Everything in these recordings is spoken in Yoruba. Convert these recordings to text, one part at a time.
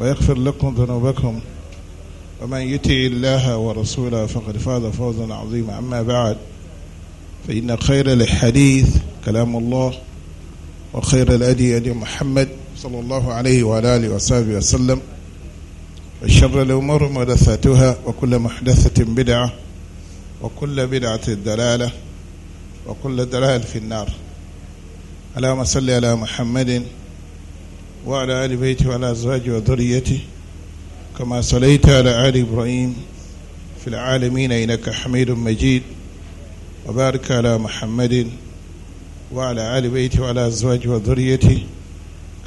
ويغفر لكم ذنوبكم ومن يطع الله ورسوله فقد فاز فوزا عظيما أما بعد فإن خير الحديث كلام الله وخير الأدي أدي محمد صلى الله عليه وعلى آله وصحبه وسلم وشر الأمور محدثاتها وكل محدثة بدعة وكل بدعة دلاله وكل دلالة في النار اللهم صل على محمد وعلى آل بيته وعلى أزواجه وذريته كما صليت على آل إبراهيم في العالمين إنك حميد مجيد وبارك على محمد وعلى آل بيته وعلى أزواجه وذريته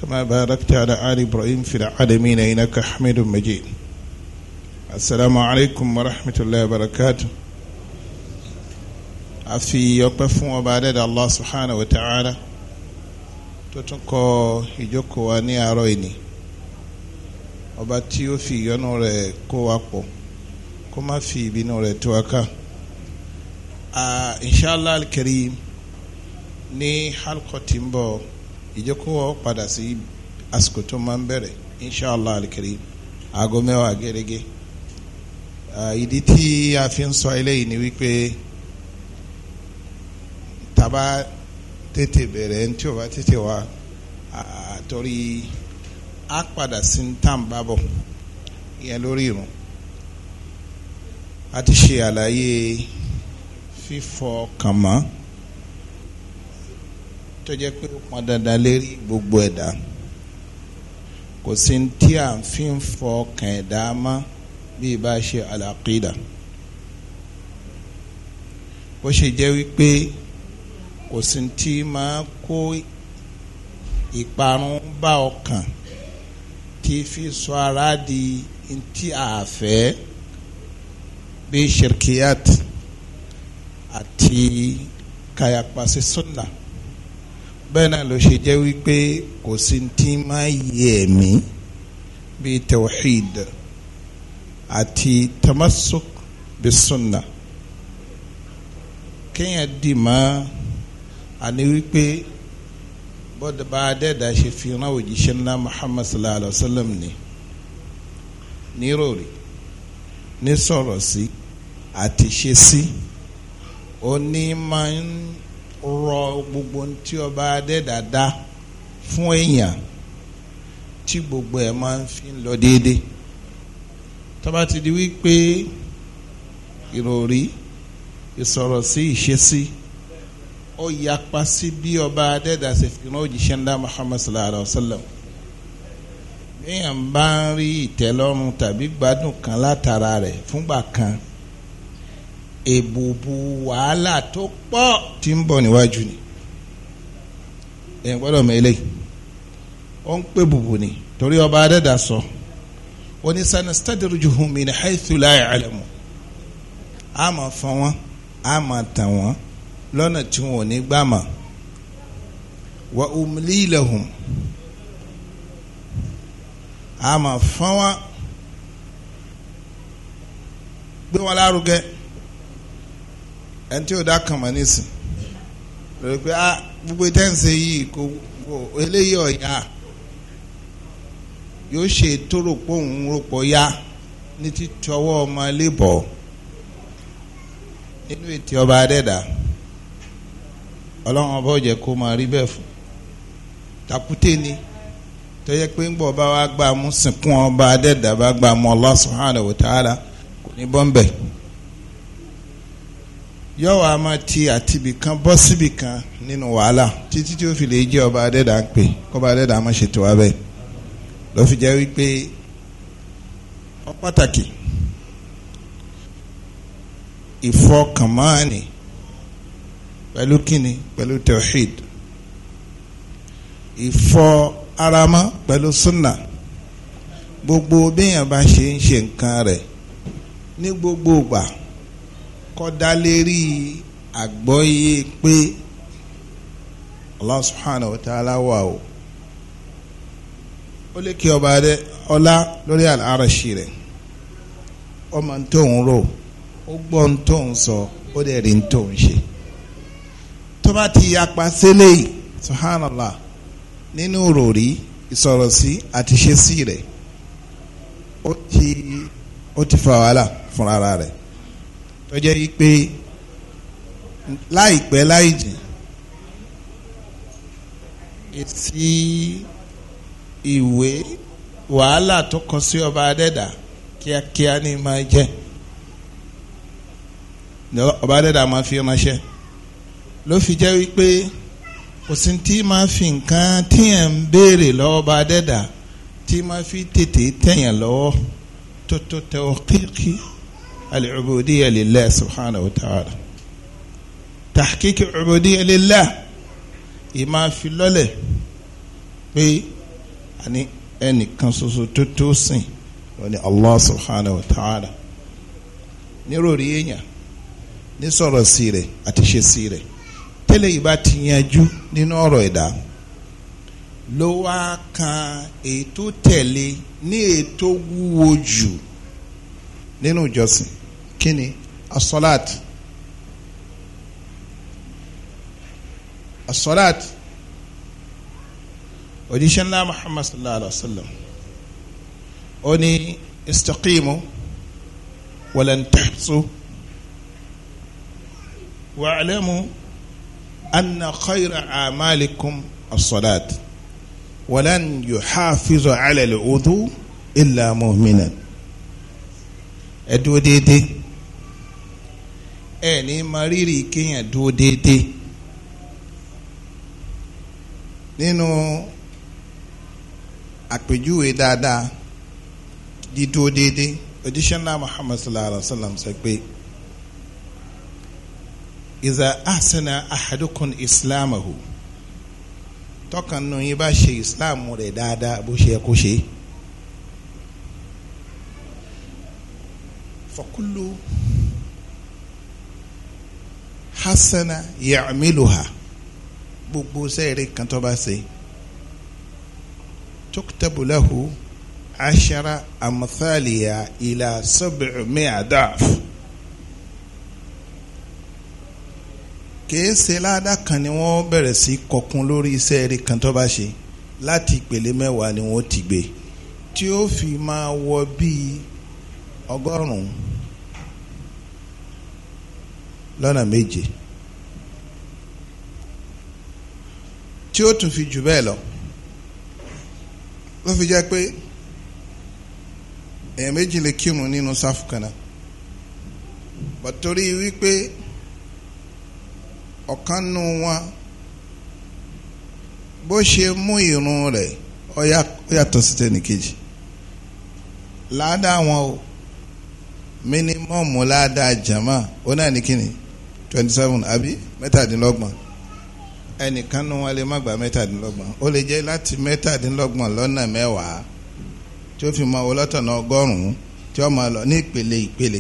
كما باركت على آل إبراهيم في العالمين إنك حميد مجيد السلام عليكم ورحمة الله وبركاته أفي يقف وبعد الله سبحانه وتعالى tó tún kọ ìjókòó wa ní àárọ̀ ìní ọba tí ó fi ìyọ́nú rẹ̀ kó wa pọ̀ kó má fi ìbínú rẹ̀ tú wa ká inṣàlá al-karim ní halkọ tí ń bọ̀ ìjókòó padà sí àsìkò tó máa ń bẹ̀rẹ̀ inṣàlá al aago mẹ́wàá gẹ́gẹ́ ìdí tí a fi ń sọ eléyìí ni wípé taba tètè bẹ̀rẹ̀ ẹni tí o bá tètè wá àtọ́rí á padà sí tàǹbà bọ̀ ìyẹn lórí irun a ti ṣe àlàyé fífọ kàn mọ́ tó jẹ́ pé ó pọn dandan lérí gbogbo ẹ̀dá kò sí tí à ń fi ń fọ kàn ẹ̀dá mọ́ bí ibà ṣe àlàkídà bó ṣe jẹ́ wípé kò sí tí máa kó ìparun bá ọkàn tí fi sọ ara di ntí àfẹ́ bí shirkiyat àti kayapa sí sunna bẹ́ẹ̀ náà ló ṣe jẹ́ wípé kò sí tí máa yẹ ẹ̀mí bíi tawhid àti tamassuk bí sunna kéèyàn dì máa àní wípé bọ́dà bá dẹ́ẹ̀dá ṣe fi rán òjíṣẹ́ ńlá Muhammad sallallahu alayhi wa sallam ni nírọ̀rí ní sọ̀rọ̀ sí àti ṣe sí ó ní máa ń rọ gbogbo tí ọba dẹ́ẹ̀dá dá fún èèyàn tí gbogbo ẹ̀ máa ń fi lọ déédéé tó ti di wípé ìròrí ìsọ̀rọ̀ sí ìṣesí. Si, ó yapa sí bí ọba adẹ́dà ṣe fi rán òjíṣẹ́ ńlá muhammad sallallahu alayhi wa sallam èèyàn bá ń rí ìtẹ́lọ́rùn tàbí gbádùn kan látara rẹ̀ fúngbà kan èbùbù wàhálà tó pọ̀ tí ń bọ̀ níwájú ni èèyàn gbọ́dọ̀ mẹ́lẹ̀ ó ń pè bùbù ni torí ọba adẹ́dà sọ ó ní sanastadrijuhum min haythu la ya'lamu a máa fọ́n wọn a máa tàn wọn lọ́nà tí wọn ò ní gbà wa umli lahum a máa fọ́n wọn gbé lárugẹ ẹni tí pé a ah, gbogbo tẹ́ǹsì yìí kò kò eléyìí ọ̀yà yóò ṣe tóró pòun ya ní títí ọmọ nínú ètò ọba adẹ́dàá. ọlọ́run ọba ọ̀jẹ̀ kó máa rí bẹ́ẹ̀ fún takute ni tó yẹ pé ń bọ̀ bá wa gbà mú sìnkún ọba adẹ́dà bá gbà mú Allah subhanahu wa ta'ala kò ní bọ́m̀bẹ̀ yọ̀wọ̀ a máa ti àtibì kan bọ́ síbì kan nínú wàhálà títí tí ó fi lè jẹ́ ọba adẹ́dà ń pè kọ́ba adẹ́dà máa ṣètò wa bẹ́ẹ̀ ló fi jẹ́ wípé ọ pàtàkì ìfọkànmọ́ni pẹ̀lú kíni pẹ̀lú tawhid ìfọ arama pẹ̀lú sunna gbogbo béèyàn bá ṣe ń ṣe nǹkan rẹ̀ ní gbogbo ìgbà kọ́dálérí àgbọ́yé pé Allah subhanahu wa ta'ala o ó kí ọba rẹ ọlá lórí rẹ̀ ọmọ ntòun rò tó bá ti yapa sílẹ̀ yìí subhanallah nínú ròrí ìsọ̀rọ̀ sí àti ṣe sí rẹ̀ ó ti ó ti fa wàhálà fúnra rẹ̀ tó jẹ́ pé láìpẹ́ láì jìn sí ìwé kọ sí ọba adẹ́dà kíákíá ni máa jẹ́ ọba adẹ́dà máa fi ránṣẹ́ ló fi jẹ́ wípé kò sí tí máa fi nǹkan tíyẹn ń béèrè lọ́wọ́ bá dẹ́dà tí máa fi tètè tẹ̀yàn lọ́wọ́ tó tó tẹ ọ kíkí al-ubudiyya lillahi subhanahu wa ta'ala tahqiqi ubudiyya lillahi yìí máa fi lọ́lẹ̀ pé àní ẹnìkan ṣoṣo tó tó sìn wọ́n ní Allah subhanahu wa ta'ala nírò rí èèyàn ní sọ̀rọ̀ sí rẹ̀ àti ṣe sí rẹ̀ tẹ́lẹ̀ yìí bá ti yanjú nínú ọ̀rọ̀ ẹ̀dá ló wá kan ètò tẹ̀lé ní ètò wúwo jù nínú ìjọsìn kí ni asọ́láàt asọ́láàt òjíṣẹ́ ńlá muhammad sallallahu alaihi wa sallam ó ní istaqimu walan tahsu anna khayra amalikum as-salat walan yuhafizu ala al-wudu illa mu'minan ẹ dúró déédéé ẹ ní máa rírì kéèyàn dúró déédéé nínú àpèjúwe dáadáa dídúró déédéé òjíṣẹ́ náà Muhammad sallallahu alaihi wa sallam sọ pé iza ahsana ahadukum islamahu tọkàn nù yín bá ṣe islam rẹ̀ dáadáa bó ṣe kó ṣe fakulu hasana ya'miluha gbogbo sẹ́ẹ̀rẹ̀ kan tó bá ṣe tuktabu lahu ashara amthaliya ila sab'u mi'a da'f. kìí ṣe ládàá kan ni wọ́n bẹ̀rẹ̀ sí kọkun lórí iṣẹ́ eré kan tó bá ṣe láti ìpele mẹ́wàá ni wọ́n ti gbé tí ó fi máa wọ bíi ọgọ́rùn-ún lọ́nà méje tí ó tún fi jù bẹ́ẹ̀ lọ ló fi jẹ́ pé èèyàn méjì kírun nínú sáfù kan náà bàtórí wípé ọ̀kan nu wọn bó ṣe mú irun rẹ̀ ó yàtọ̀ sí tẹnìkejì ládàá wọn o mínímọ̀mù ládàá jama ó náà ní kíni twenty seven àbí mẹ́tàdínlọ́gbọ̀n ẹnìkan nu wọn lè má gba mẹ́tàdínlọ́gbọ̀n ó lè jẹ́ láti mẹ́tàdínlọ́gbọ̀n lọ́nà mẹ́wàá tí ó fi mọ ọlọ́tọ̀nà ọgọ́rùn-ún tí ó máa lọ ní ìpele ìpele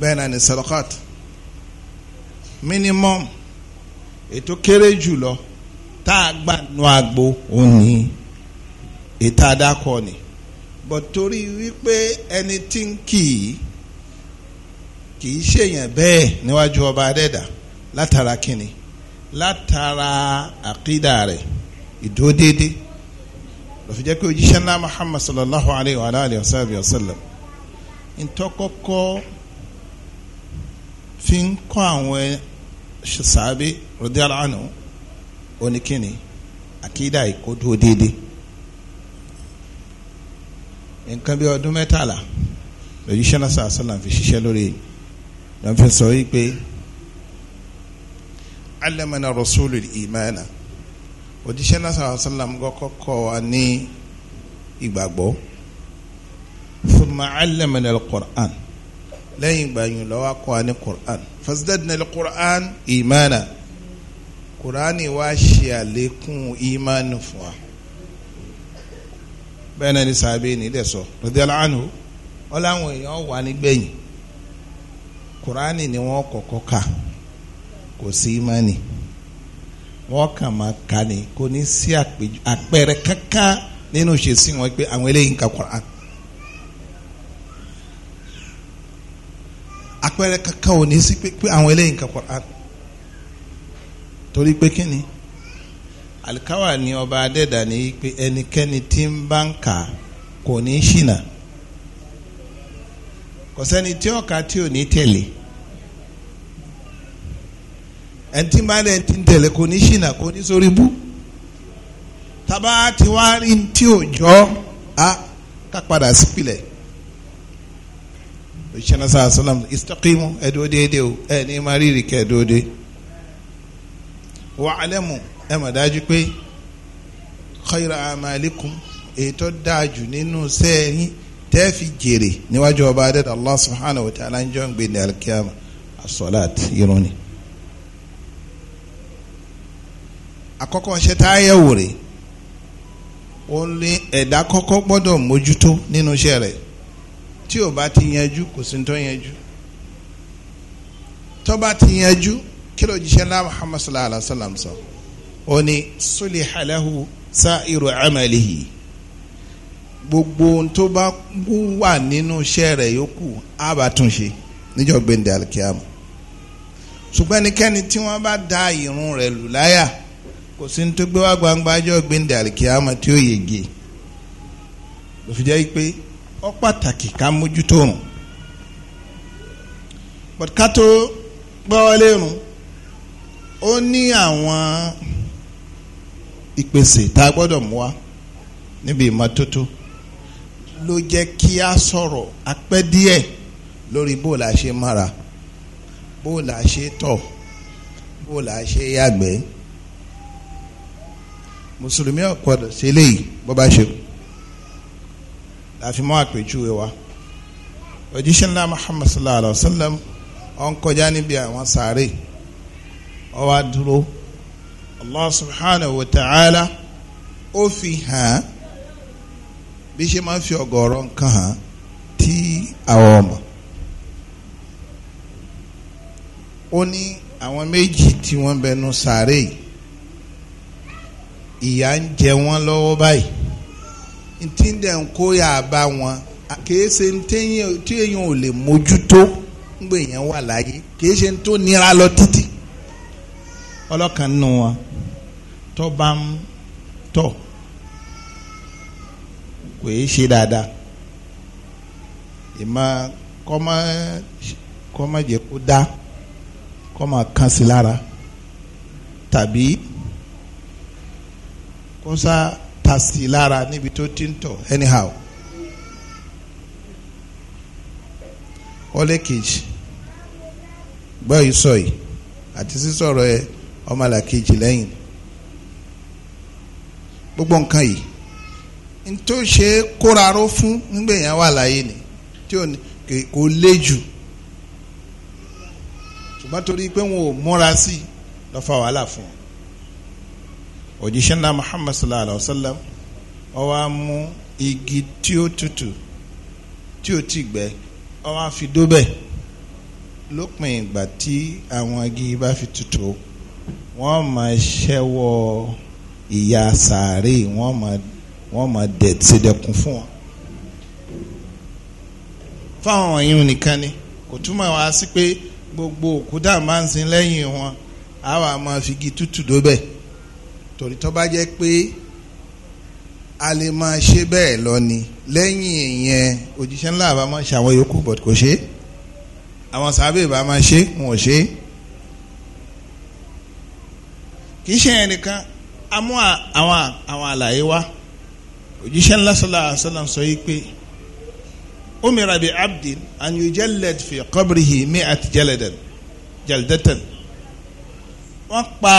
bẹ́ẹ̀ náà ni sadakat minimum ètò kéré jùlọ tá a gbà nu agbo òun ètò àdàkọ ni but torí wípé ẹni tí ń kì í kì í ṣèyàn bẹ́ẹ̀ níwájú ọba adẹ́dà látara kínni látara àkídà rẹ̀ ìdódédé lọ́fi jẹ́ pé òjíṣẹ́ ńlá Muhammad sallallahu alayhi wa alayhi wa sallam ntọ́kọ́kọ́ fi ń kọ́ àwọn sàábé radiyallahu anhu oníkíni àkídà ìkódúró déédéé nǹkan bí ọdún mẹ́tàlá lójúṣẹ́ náà sàásàlà fi ṣiṣẹ́ lórí lọ́n fi sọ wípé alamana rasulul imana òjíṣẹ́ náà sàásàlà ń kọ́kọ́ wa ní ìgbàgbọ́ thumma alamana al-Qur'an lẹ́yìn ìgbà yìí lọ́wọ́ akọ ní Qur'an fasdadna li Qur'an ìmánà Qur'an wa ṣe àlékún ìmánu fún wa bẹ́ẹ̀ náà ni sàbẹ̀ ní ilẹ̀ sọ radiyallahu anhu wọn làwọn èèyàn wà nígbẹ̀yìn Qur'an ni wọ́n kọ́kọ́ kà kò sí ìmánì wọ́n kàn máa kà ní kò ní sí àpẹẹrẹ kankan nínú ìṣesí wọn pé àwọn eléyìí ń ka Qur'an àpẹẹrẹ kankan ò ní sí pé àwọn eléyìí nǹkan Quran torí pé kí ni alikawa ni ọba adẹ́dà ní pé ẹnikẹ́ni tí ń bá ń kà kò ní ṣìnà kò sẹ́ni tí ọ̀ka tí ò ní tẹ̀lé ẹni tí ń bá dẹ̀ ti ń tẹ̀lé kò ní ṣìnà kò ní sórí bú tábà tí wàá rí tí ò jọ́ a ká padà sípìlẹ̀. Si ìṣẹ́nà sáà sọ́lá istaqimu ẹ̀dúró déédé o ẹ̀ ní máa rírì kẹ́ ẹ̀dúró dé. wà á lẹ́mu ẹ̀ mọ̀ dájú pé khayra amalikum ètò dáàjù nínú sẹ́yìn tẹ́ẹ̀fì jèrè níwájú ọba adẹ́dà Allah subhanahu wa ta'ala ń jọ ń gbé ní alikiyama asọ́láàt irun ni. ṣe tá a yẹ wòrè ó ní ẹ̀dá kọ́kọ́ gbọ́dọ̀ mójútó nínú iṣẹ́ rẹ̀ tí ò bá ti yanjú kò sí tó yanjú tó bá ti yanjú kí ló jíṣẹ́ náà Muhammad sallallahu alaihi wa sallam sọ ó ní suliha lahu sa'iru amalihi gbogbo ohun tó bá wà nínú iṣẹ́ rẹ̀ yòókù á bá tún ṣe níjọ́ gbẹ̀ndẹ̀ alikiamu ṣùgbọ́n ẹnikẹ́ni tí wọ́n bá da ìrun rẹ̀ lù láyà kò sí tó gbé wá gbangba ọjọ́ gbẹ̀ndẹ̀ alikiamu tí ó yege lọ́fíjẹ́ pé ó pàtàkì ká mójútó òrùn ká tó gbọ́wọ́lé òrùn ó ní àwọn ìpèsè tá a gbọ́dọ̀ mú wa níbi ìmọ́tótó ló jẹ́ kí a sọ̀rọ̀ apẹ́ díẹ̀ lórí bó la ṣe mára bó tọ̀ bó la yàgbẹ́ mùsùlùmí ò gbọ́dọ̀ ṣe léyìí bá ṣe kú láfi mọ́ àpèjúwe wa òjíṣẹ́ ńlá muhammad sallallahu alayhi wa sallam ó ń kọjá níbi àwọn sàárè ó wá dúró allah subhanahu wa ta'ala ó fi hàn án bí ṣe máa ń fi ọ̀gọ̀ọ̀rọ̀ nǹkan hàn tí àwọn ọmọ ó ní àwọn méjì tí wọ́n bẹnu sàárè ìyà ń jẹ wọ́n lọ́wọ́ báyìí ntí ń dẹ̀ ń kó yà á bá wọn kìí ṣe tí èèyàn ò lè mójútó ńgbè yẹn wà láyé kìí ṣe tó nira lọ títí ọlọ́kan nù wọn tó bá ń tọ̀ kò yé ṣe dáadáa ìmọ̀ kọ́mọ́ kọ́mọ́ jẹ́ kó dá kọ́mọ́ kan sí lára tàbí kọ́sá. dà sí lára níbi tó ti ń tọ̀ anyhow. wọlé kejì gbọ́ yìí sọ yìí àti sísọ̀rọ̀ ẹ ọmọlà kejì lẹ́yìn gbogbo nǹkan yìí n tó ṣe kóraró fún nígbà yẹn wà láyé ni tí kò lé jù ṣùgbọ́n torí pé wọn ò múra sí lọ́fà wàhálà fún un. òjíṣẹ́ náà Muhammad sallallahu alayhi wa sallam ó wá mú igi tí ó tutù tí ó ti gbẹ ó wá fi dóbẹ̀ lópin ìgbà tí àwọn igi bá fi tutù wọ́n máa ṣẹ́wọ́ ìyà sàárè wọ́n máa wọ́n máa dẹ̀ ṣèdẹ̀kùn fún wọn. fáwọn yìí nìkan ni kò túmọ̀ wá sí pé gbogbo òkúta máa ń sin lẹ́yìn wọn àwa máa fi igi tútù dóbẹ̀ torí tó bá jẹ́ pé a lè máa ṣe bẹ́ẹ̀ lọ ni lẹ́yìn ìyẹn òjíṣẹ́ ńlá àbá máa ṣe àwọn yòókù bọ̀t kò ṣe àwọn sábẹ́ ìbá máa ṣe wọn ò ṣe kì í ṣe ẹnìkan a mú àwọn àlàyé wá òjíṣẹ́ ńlá sọlá àṣọlá sọ yìí pé umira bi abdin an yujallad fi qabrihi mi'at jaladan jaldatan wọ́n pa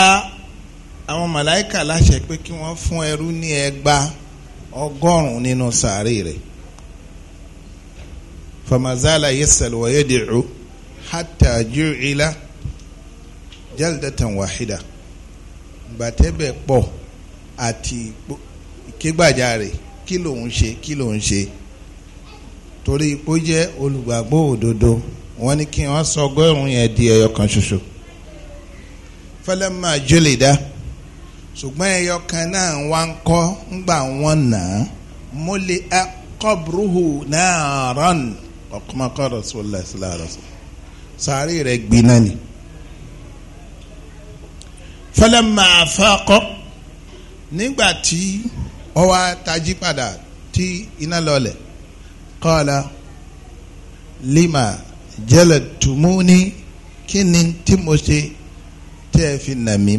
àwọn màláìkà láṣẹ pé kí wọ́n fún ẹrú ní ẹgba ọgọ́rùn-ún nínú sàárè rẹ̀ famazala yasal wa yadi'u hatta ju'ila jaldatan wahida gbàtẹ́bẹ̀ pọ̀ àti kígbàjarè kí lòun ṣe kí lòun ṣe torí ipò jẹ́ olùgbàgbọ́ òdodo wọ́n ní kí wọ́n sọ ọgọ́rùn-ún yẹn di ẹyọ kan ṣoṣo falamma julida. ṣùgbọ́n ẹyọ kan náà wá ń kọ́ ńgbà wọ́n nà á mọ́lẹ̀ akọ́bùrúhù náà rán ọ̀kọ́mọkọ́ rọ̀ṣọ́lá ṣọlá rọ̀ṣọ́ sàárì rẹ̀ gbiná ni. fẹlẹ́mà àfẹ́kọ́ nígbà tí ọwọ́ tají padà tí iná lima jẹ́lẹ̀ tùmú ní kí ni tí mo ṣe tẹ́ ẹ fi nà mí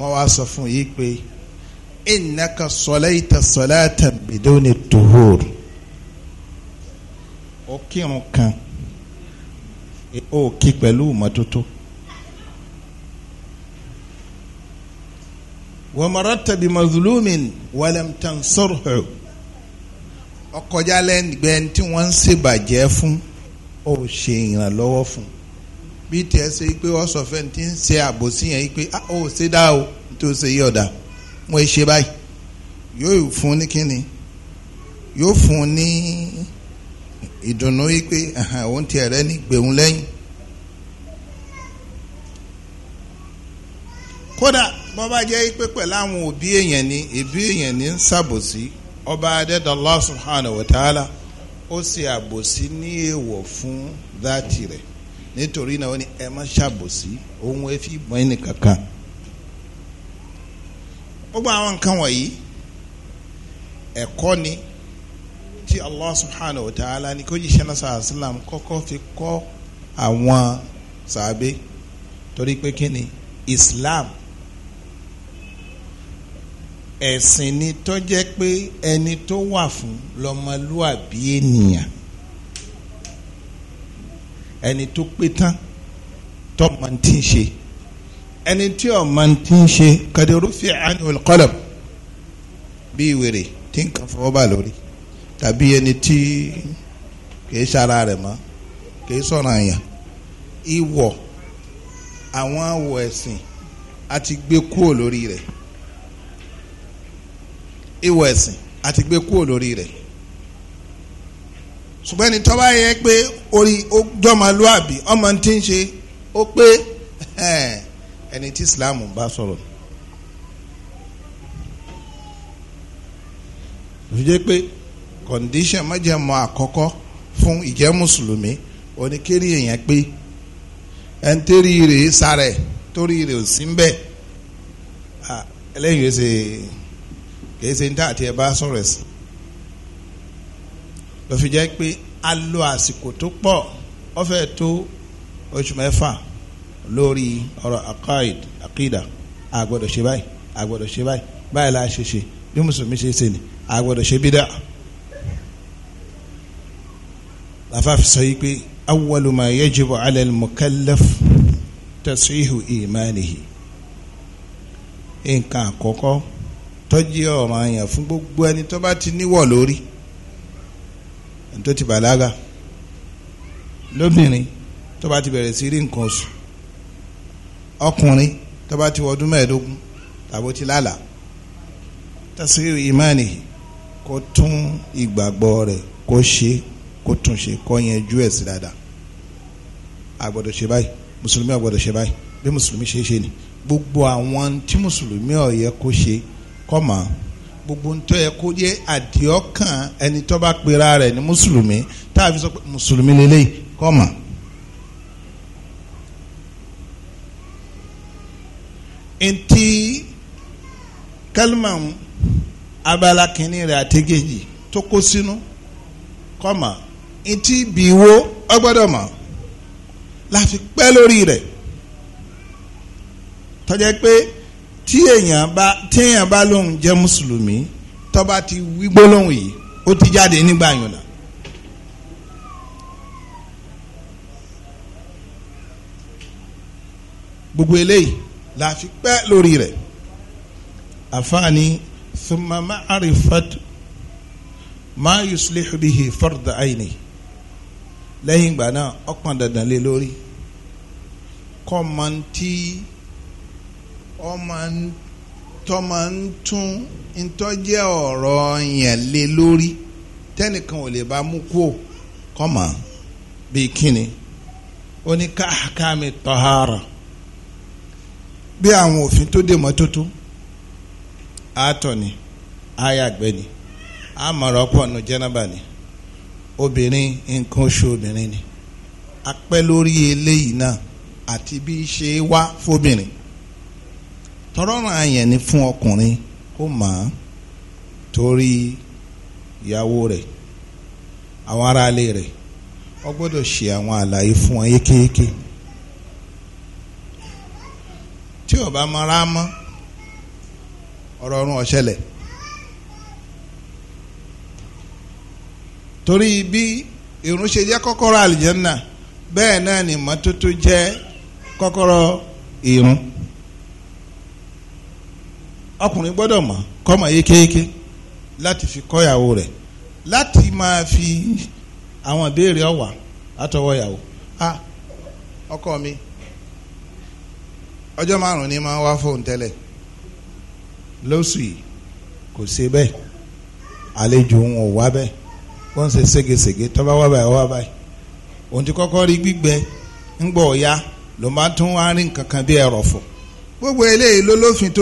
wọ́n wá sọ fún yìí pé innaka sọlẹ́yìntà sọlẹ́yìntà bidoni tuhur ó kírun kan ó kí pẹ̀lú ìmọ́tótó. wa marata bi mazlumin walam tansurhu ọkọjá lẹ́gbẹ̀ẹ́ tí wọ́n ń ṣèbàjẹ́ fún ó ṣe ìrànlọ́wọ́ fún bí tiẹ̀ ṣe pé wọ́n sọ fẹ́ni tí ń ṣe àbòsí yẹn pé ah, ó ṣe dá o tó ṣe yí ọ̀dà wọ́n ṣe báyìí yóò fún ní kíni yóò fún ní ìdùnnú yìí pé òun tiẹ̀ rẹ ní gbẹ̀hún lẹ́yìn. kódà bó bá jẹ́ pé pẹ̀lú àwọn òbí èèyàn ni ẹbí èèyàn ni ń ṣàbòsí ọba adẹ́dàá Allah subhanahu wa ta'ala ó ṣe àbòsí ní èèwọ̀ fún dáàtì rẹ̀ nítorí náà ó ní ẹ má ṣàbòsí ohun ẹ fi mọ ẹnì kankan gbogbo àwọn nǹkan wọ̀nyí ẹ̀kọ́ ni tí Allah subhanahu wa ta'ala ni kò jíṣẹ́ náà sàásìlám kọ́kọ́ fi kọ́ àwọn sàábé torí pé kí ni Islam ẹ̀sìn ni tó jẹ́ pé ẹni tó wà fún lọ́mọlúwàbí ènìyàn ẹni tó pé tán tó máa ti ń ṣe ẹni tí ò máa ti ń ṣe kadirufi anul qalam bí wèrè tí nǹkan fọwọ́ bá lórí tàbí ẹni tí kìí ṣara rẹ̀ mọ́ kìí sọ̀rọ̀ àyàn ìwọ̀ àwọn àwọ̀ ẹ̀sìn a ti gbé kúrò lórí rẹ̀ ìwọ̀ ẹ̀sìn a ti gbé kúrò lórí rẹ̀ ṣùgbọ́n ẹni tó bá yẹ pé orí jọmọlúàbí ọmọ tí ń ṣe ó pé ẹni tí Islam bá sọ̀rọ̀ fi jẹ́ pé condition májẹ̀mọ́ àkọ́kọ́ fún ìjẹ́ mùsùlùmí oníkérí èèyàn pé ẹni tẹ́rí rèé sáré torí rèé ò sí ń bẹ́ẹ̀ ẹlẹ́yìn ẹsẹ̀ kìí ṣe ń dá àti ẹ bá sọ̀rọ̀ ẹ̀sìn ló fi jẹ́ pé a lo àsìkò tó pọ̀ ó fẹ́ tó oṣù mẹ́fà lórí ọ̀rọ̀ akaid akida àgbọ̀dọ̀ ṣe báyìí àgbọ̀dọ̀ ṣe báyìí báyìí la ṣe ṣe bí mùsùlùmí ṣe ṣe ni àgbọ̀dọ̀ ṣe bídà. lafafi sọ yìí pé awwalu ma yajibu ala al-mukallaf tasihu imanihi nǹkan àkọ́kọ́ tọ́jú ọ̀ràn yẹn fún gbogbo ẹni tó bá ti níwọ̀ lórí tó ti bàlágà lóbìnrin tó bá ti bẹ̀rẹ̀ sí rí nǹkan oṣù ọkùnrin tó bá ti wọdún mẹ́ẹ̀ẹ́dógún tàbó ti lálàá tàṣírí ìmánì kó tún ìgbàgbọ́ rẹ̀ kó ṣe kó tún ṣe kó yanjú ẹ̀ sí dáadáa àgbọ̀dọ̀ ṣe báyìí mùsùlùmí àgbọ̀dọ̀ ṣe báyìí bí mùsùlùmí ṣe ṣe ni gbogbo àwọn tí mùsùlùmí ó kó ṣe kó máa gbogbo ntọ́ yẹ kó yẹ àdìọ́kàn ẹni tó bá pera rẹ̀ ní mùsùlùmí tá a fi sọ pé mùsùlùmí lélẹ́yìí kọ́ mà. ntí kálímà abala kìíní rẹ̀ àtẹ́gẹ́jì tó kó sínú kọ́ mà ntí bìíwó ọgbọ́dọ̀ mà láfi pẹ́ lórí rẹ̀ tọ́jà pé tí èèyàn bá téèyàn bá lóun jẹ́ mùsùlùmí tó bá ti wí gbólóhùn yìí ó ti jáde nígbà yòòlá. gbogbo eléyìí la fi pẹ́ lórí rẹ̀ àfààní thumma ma'rifat ma yuslihu bihi farda aini lẹ́yìn ìgbà náà ó dandan lé lórí kọ́ mọ́ ti ọmọ tọmọ ń tún ntọ́jẹ́ ọ̀rọ̀ yẹn lé lórí tẹ́nìkan ò lè bá mú kó kọ́mọ bíi kíni ó ní káàkáàmì tọ́hárà bí àwọn òfin tó dè mọ́tótó àtọ̀ ni àyàgbẹ́ ni àmọ̀ràn jẹ́nàbà ni obìnrin nǹkan oṣù obìnrin ni apẹ́ lórí eléyìí náà àti bí ṣe wá fóbìnrin tọ́rọ́rùn àyàn ni fún ọkùnrin kó ma torí ìyàwó rẹ̀ àwọn aráalé rẹ̀ ó gbọ́dọ̀ ṣe àwọn àlàyé fún wọn yékéyéké tí ò bá mọ́ra mọ́ ọ̀rọ̀ ọ̀run torí bí irun ṣe jẹ́ kọ́kọ́rọ́ àlìjẹ́nà bẹ́ẹ̀ náà ni mọ́tótó jẹ kọkọrọ irun. Mm -hmm. ọkùnrin gbọ́dọ̀ mọ̀ kọ́mọ yékéyéké láti fi ìyàwó rẹ̀ láti máa fi àwọn ìbéèrè ọ̀wà àtọwọ́ ìyàwó ọkọ mi ọjọ́ márùn ni máa wá fóun tẹ́lẹ̀ lóṣù yìí kò ṣe bẹ́ẹ̀ àlejò wá bẹ́ẹ̀ wọ́n ń ṣe ségesège tọ́ba wá báyìí wá báyìí gbogbo eléyìí lólófin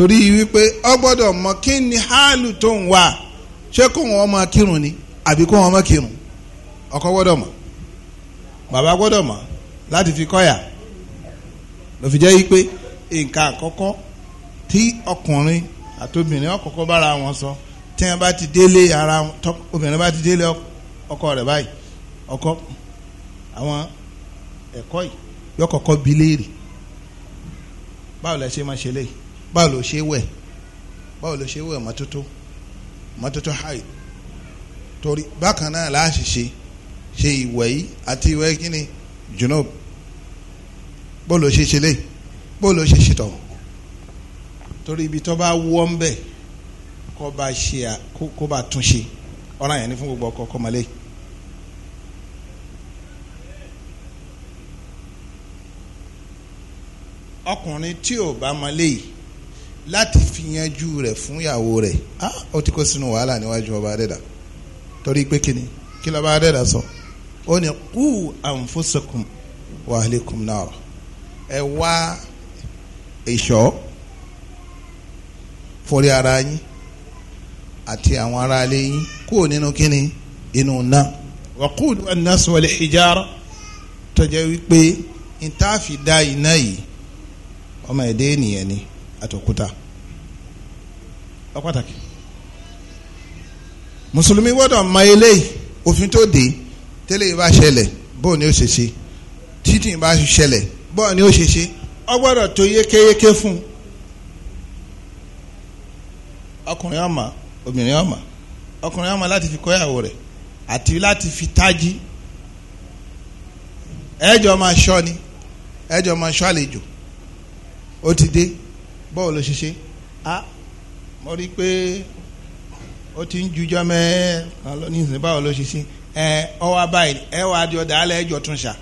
torí wípé ọ gbọ́dọ̀ mọ kí ni hálù tó ń wà ṣé kó wọn máa kírun ni àbí kó wọn máa kírun ọkọ gbọ́dọ̀ mọ̀ bàbá gbọ́dọ̀ mọ̀ láti fi kọ́yà ló fi jẹ́ wípé nǹkan àkọ́kọ́ tí ọkùnrin àtobìnrin ọkọ̀ọ̀kọ́ bára wọn sọ tí wọn bá ti délé ara obìnrin bá ti délé ọkọ rẹ̀ báyìí ọkọ àwọn ẹ̀kọ́ yìí yọkọ̀ọ̀kọ́ bi léèrè báwo lẹ ṣe máa ṣe léyìí báwo ló ṣe wẹ̀ báwo ló ṣe wẹ̀ mọ́tótó mọ́tótó haid torí bákan náà láti ṣe ṣe ìwẹ̀ yìí àti ìwẹ̀ kíni junub bó ló ṣe ṣe lé bó ló ṣe ṣe tọ̀ torí ibi tó bá wọ́ ń bẹ̀ kó bá ṣe kó bá tún ṣe ọ̀ràn yẹn ni fún gbogbo ọkọ kọ́mọlé. ọkùnrin tí ò bá mọ léyìí láti fi yanjú rẹ̀ fún ìyàwó rẹ̀ ó ti kó sínú wàhálà níwájú ọba adẹ́dà torí pé kíni kí lọ́ba adẹ́dà sọ ó ní kú àǹfọ̀sẹ̀kùn wa ahlikum náà ẹ wá ìṣọ́ forí ara yín àti àwọn ará ilé yín kúrò nínú kíni inú náà wàkúùdù an-nas wal-hijara tó jẹ́ wípé ìtààfin dá iná yìí ọmọ ẹ̀dẹ́ ènìyàn ni àtòkúta ọpàtàkì mùsùlùmí gbọ́dọ̀ mọ eléyìí òfin tó dé tẹ́lẹ̀ yìí bá ṣẹlẹ̀ bóò ni ó ṣe ṣe títí yìí bá ṣẹlẹ̀ bóò ni ó ṣe ṣe ọ gbọ́dọ̀ tó yékéyéké fún ọkùnrin ọmọ obìnrin ọmọ ọkùnrin ọmọ láti fi kọ́ ìyàwó rẹ̀ àti láti fi tají ẹjọ́ máa ṣọ́ ni ẹjọ́ máa ṣọ́ àlejò ó ti dé bọ́ọ̀ ló ṣe a mo rí i pé ó ti ń jujọ́ mẹ́ẹ̀ẹ́kan lọ ní ìsìn báwo ló ṣe ẹ ọwọ́ báyìí ẹ wàá di ọ̀dà alẹ́ ẹjọ́ tún ṣà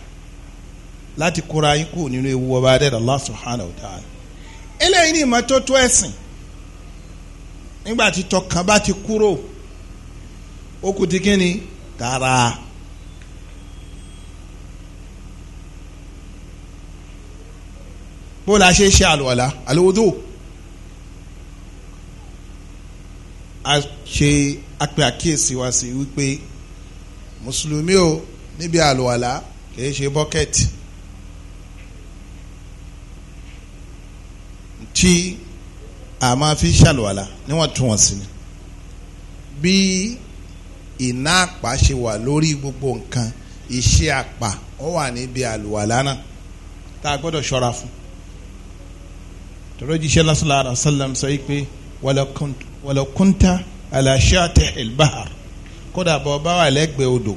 láti kóra yín kúrò nínú ewu ọba adẹ́dàá Allah subhanahu wa eléyìí ni ìmọ́tótó ẹ̀sìn nígbà tí tọkàn bá ti kúrò ó kù ti kí ni tààrà. bó la ṣe ṣe àlùwàlà àlùwòdò a ṣe apẹ àkíyèsí wa sí wípé mùsùlùmí o níbi àlùwàlà kìí ṣe bọ́kẹ́tì tí a máa fi ṣàlùwàlà níwọ̀ntúnwọ̀nsì ni bí iná àpá ṣe wà lórí gbogbo nǹkan iṣẹ́ àpá ó wà níbi àlùwàlà náà tá a gbọ́dọ̀ ṣọ́ra fún tọrọ jíṣẹ́ lásìlá ara sálàm sọ yìí pé wàlẹ̀ kúntà àlàáṣà tẹ ìlbáhàr kódà bọ́ bá wà lẹ́gbẹ̀ẹ́ odò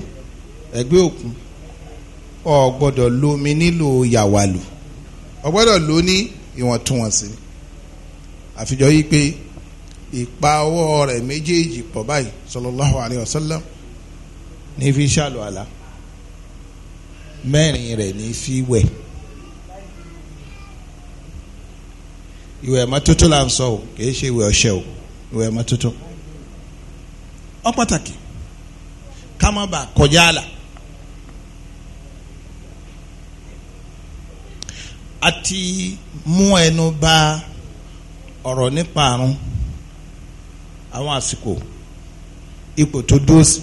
ẹ̀gbẹ́ òkun ọ̀ gbọ́dọ̀ lómi nílò yàwálù ọ̀ gbọ́dọ̀ lò ní ìwọ̀ntúnwọ̀nsì àfijọ́ yìí pé ìpa ọwọ́ rẹ̀ méjèèjì pọ̀ báyìí sallallahu alayhi wa sallam ní fi ṣàlù mẹ́rin rẹ̀ ní fi wẹ̀. ìwẹ̀ mọ́tótó là ń sọ o kìí ṣe ìwẹ̀ ọṣẹ o ìwẹ̀ mọ́tótó ọ pàtàkì ká má bàa kọjá àlà àti mú ẹnu bà ọ̀rọ̀ nípa àrùn àwọn àsìkò ipò tó dúró sí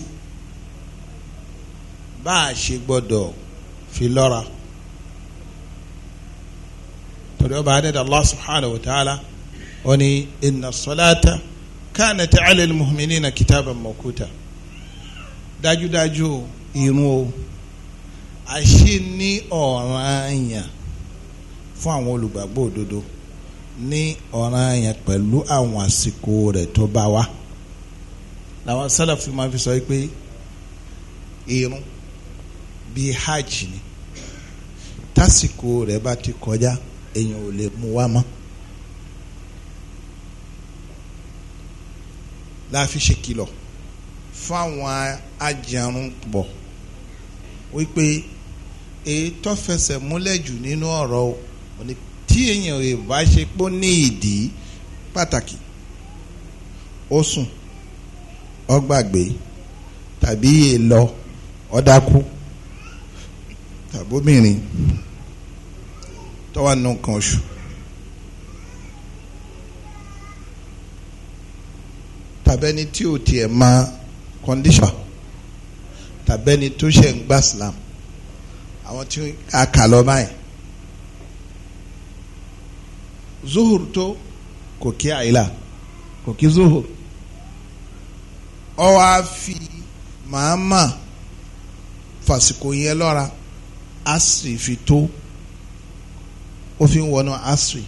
bá a ṣe gbọ́dọ̀ fi lọ́ra torí ọba adẹ́dàá Allah subhanahu wa ta'ala ó ní inna salata kanat ala al-mu'minina kitaban mawquta dájúdájú irun o àṣì ní ọ̀ranyàn fún àwọn olùgbàgbọ́ òdodo ní ọ̀ranyàn pẹ̀lú àwọn àsìkò rẹ̀ tó bá wá làwọn sálàfù máa fi sọ pé irun bíi hajj ni tásìkò rẹ̀ bá ti kọjá. èèyàn ò lè mú wa mọ́. la fi ṣe kìlọ̀ fáwọn ajẹun bọ̀ wípé èyí tó fẹsẹ̀ múlẹ̀ jù nínú ọ̀rọ̀ òní tí èèyàn ò bá ṣe pé ní ìdí pàtàkì ó sùn ó gbàgbé tàbí èèlọ ó dákú tàbí obìnrin. tó wà nínú nǹkan oṣù. tàbẹ́ni tí ò tiẹ̀ máa kọ́ndíṣà tàbẹ́ni tó ṣe ń gbà slam àwọn tí a kà lọ báyìí zuhur tó kò kí àìlà kò kí zuhur ọ wá fi màá fàsìkò yẹn lọ́ra asiri fi tó ó fi ń wọnú asiri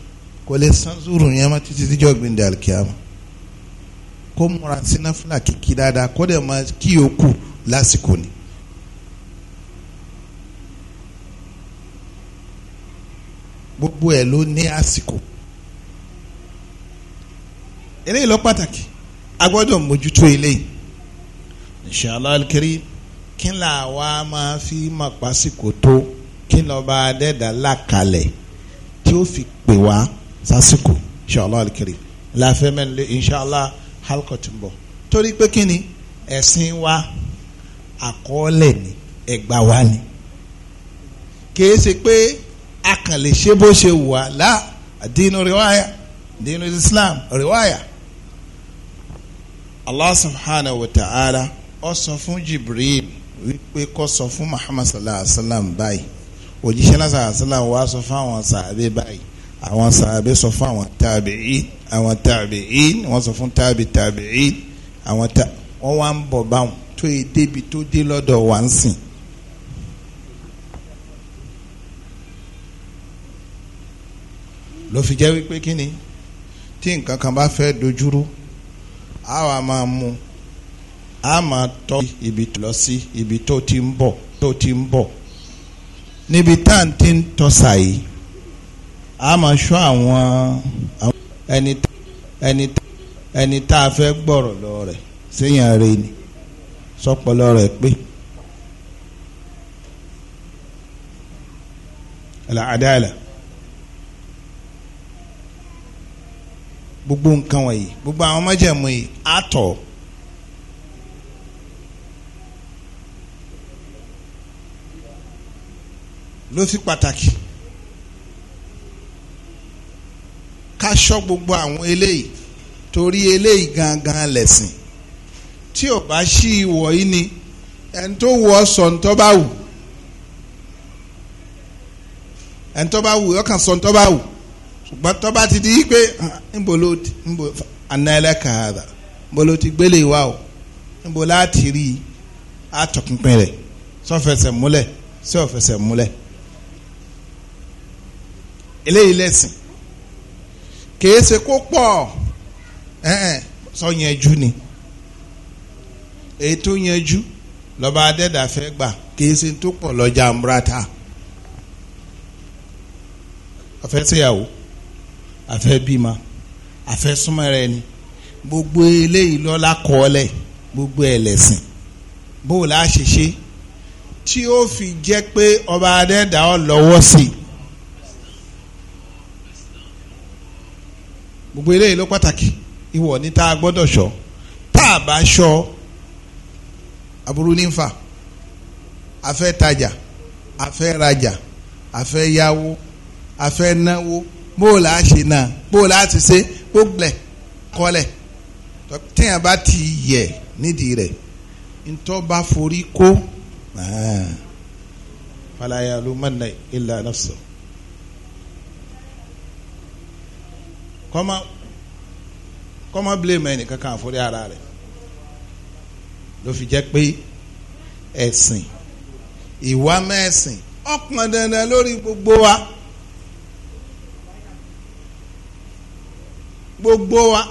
kò lè san zuru yẹn mọ́ títí díjọ́ gbẹ̀ndẹ̀ alikiyama kó sina sínáfìlà kiki dada kó dẹ̀ máa kí yòókù lásìkò ni. gbogbo ẹ̀ ló ní àsìkò eléyìí lọ pàtàkì a gbọ́dọ̀ mójútó eléyìí inshallah alikiri karim kí n là wá máa fi máa pàṣípò tó kí n lọ́ọ́ bá a dẹ́dà là kalẹ̀. tí ó fi pè wá sásìkò inshallah alikiri láfẹ́ mẹ́lẹ́ inshallah halkotumbo torí pé kí ni ẹ̀sìn wa àkọọ́lẹ̀ ni ẹ̀gbà wa ni kìí ṣe pé a kàn lè ṣe bó ṣe wù wá lá dínú riwaya dínú islam riwaya allah subhanahu wa ta'ala ó sọ fún jibril wípé kó sọ fún muhammad sallallahu alaihi wa sallam báyìí òjíṣẹ́ lásán àṣìlá wa sọ fún àwọn sàbẹ báyìí àwọn sàbẹ sọ fún àwọn tàbíì àwọn tàbíì wọ́n sọ fún tàbí tàbíì àwọn tà wọ́n wá ń bọ̀ báwọn tó yẹ débi tó dé lọ́dọ̀ wa ń sìn. ló fi jẹ́ wípé kí ni tí nǹkan kan bá fẹ́ dojúrú a wà máa mú a máa tọ́ ibi tó lọ sí ibi tó ti ń bọ̀ tó ti ń bọ̀ níbi tá à ń ti ń tọ́sà yìí a máa ṣọ́ àwọn ẹni tá a fẹ́ gbọ́rọ̀ lọ rẹ̀ séyàn rẹ̀ ni sọ́pọ̀lọ́ rẹ̀ pé. àdáàlà gbogbo nǹkan wọ̀nyí gbogbo àwọn májẹ̀mú yìí àtọ̀. ló fi pàtàkì ká ṣọ́ gbogbo àwọn eléyìí torí eléyìí gangan lẹ̀sìn tí ò bá ṣí ìwọ̀ yìí ni ẹni tó wọ sọ ní tó bá wù ẹni tó bá wù ọkàn sọ ní tó bá wù ṣùgbọ́n tó bá ti di pé ah, níbo ló níbo àná ẹlẹ́kàá àdà níbo ló ti gbélé wa o níbo láti rí i àtọ̀pinpin rẹ̀ sọ́fẹsẹ̀ múlẹ̀ sọ́fẹsẹ̀ múlẹ̀ eléyìí lẹ́sìn kìí ṣe kó pọ̀ sọ yẹnjú ni ètò yẹnjú lọ́ba adẹ́dà fẹ́ gbà kìí ṣe tó pọ̀ lọ́jà amúrata ọ̀fẹ́ ṣèyàwó àfẹ́ ni gbogbo eléyìí lọ́la kọ́ọ́lẹ̀ gbogbo ẹ̀ lẹ́sìn bó o la ṣe tí ó fi jẹ́ pé ọba adẹ́dà ọ̀ lọ́wọ́ sí i. gbogbo eléyìí ló pàtàkì ìwọ ní tá a gbọ́dọ̀ ṣọ́ tá a bá ṣọ́ aburú ní fà a fẹ́ tajà a fẹ́ rajà a fẹ́ yáwó a fẹ́ náwó bóòlù á ṣe náà bóòlù á ti ṣe gbogbo ẹ̀ kọ́lẹ̀ téèyàn bá ti yẹ nídìí rẹ̀ ntọ́ bá forí kó ah, falaya ló mọ̀ náà ilà náà sọ. kọ́mọ kọ́mọ blame ẹnì kankan àforí ara rẹ̀ ló fi jẹ́ pé ẹ̀sìn ìwà mẹ́sìn ọ̀pọ̀ dandan lórí gbogbo wa gbogbo wa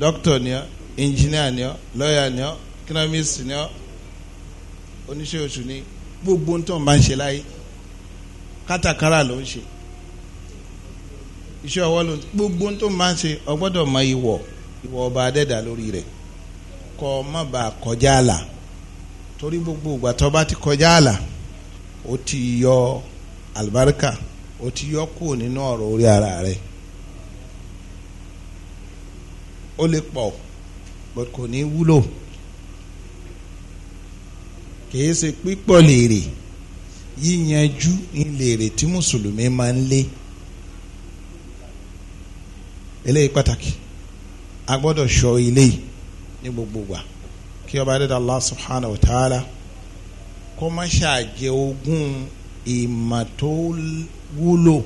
dókítà ni ọ engineer ni ọ lọ́yà ni ọ economist ni ọ oníṣẹ́ oṣù ni gbogbo ń tọ́ ń bá ń ṣe láyé kátàkárà ló ń ṣe iṣẹ́ ọwọ́ ló ń gbogbo tó máa ń ṣe ọgbọ́dọ̀ mọ ìwọ̀ ìwọ̀ ọba adẹ́dà lórí rẹ̀ kọ́ má ba kọjá àlà torí gbogbo ìgbà tó bá ti kọjá àlà ó ti yọ àlùbáríkà ó ti yọ kúrò nínú ọ̀rọ̀ orí ara rẹ̀ ó lè pọ̀ but kò ní wúlò kìí ṣe pípọ̀ lèrè yíyanjú ń lèrè tí mùsùlùmí máa ń lé eléyìí pàtàkì a gbọ́dọ̀ sọ eléyìí ní gbogbo wa kí ọba Adẹ́dàá Allah subhanahu wa ta'ala kó má ṣàjẹ ogún ìmọ̀ tó wúlò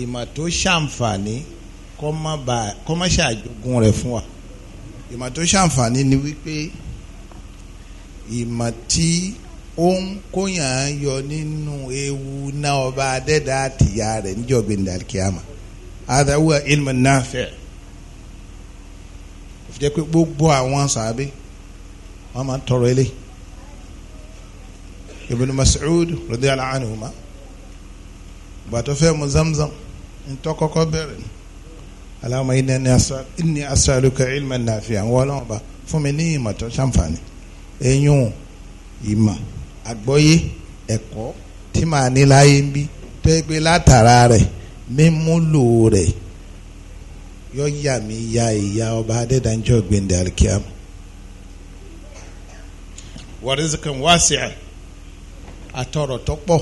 ìmọ̀ tó ṣàǹfààní kó má ṣàjogún rẹ̀ fún wa ìmọ̀ tó ṣàǹfààní ni wípé ìmọ̀ tí ó ń kóyàn yọ nínú ewu náà ọba Adẹ́dàá àtìyá rẹ̀ níjọ́ gbẹ̀ndàkíyàmá هذا هو علم النافع jẹ́ pé gbogbo àwọn sàábé wọ́n máa ń tọrọ ilé Ibn Mas'ud radiyallahu anhuma gbàtọ́ fẹ́ mu zamzam ntọ́kọ́kọ́ bẹ̀rẹ̀ ni alama inni as'aluka ilman nafi'an àwọn ọlọ́run ba fún mi ní ìmọ̀ tó ṣàǹfààní eyín ìmọ̀ àgbọ́yé ẹ̀kọ́ tí màá ní láyé ń bí tó látara rẹ̀ mímúlò rẹ̀ yọ yà mí ya ìyá ọba adédànjọ́ gbẹ̀ndẹ̀ alikiam. wàrísìkàn wáṣíà àtọ̀rọ̀ tó pọ̀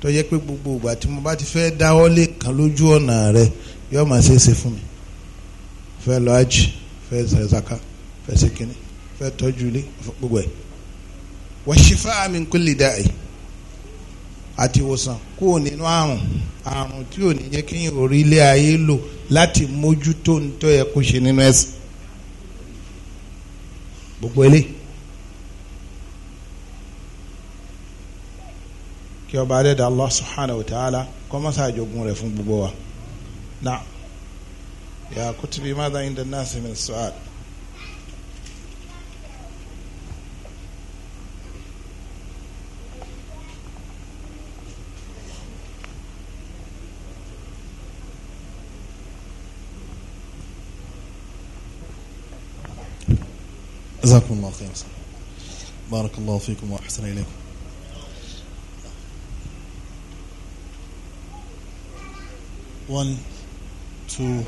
tó yẹ pé gbogbo ìgbà tí mo bá ti fẹ́ dáwọ́ kan lójú ọ̀nà rẹ̀ yọ máa ṣe é ṣe fún mi fẹ́ lọ fẹ́ zaka fẹ́ ṣe kínní fẹ́ tọ́jú ilé gbogbo ẹ̀ wàṣífà àti ìwòsàn kúrò nínú àrùn àrùn tí ò ní jẹ́ kí yín orílẹ̀ ayé lò láti mójútó nítorí yẹ kó ṣe nínú ẹ̀sìn gbogbo ilé kí ọba adẹ́dà Allah subhanahu wa ta'ala kó má ṣe rẹ̀ fún gbogbo wa na ya kutubi madha inda nasi min su'al. جزاكم الله خير بارك الله فيكم وأحسن إليكم One, two,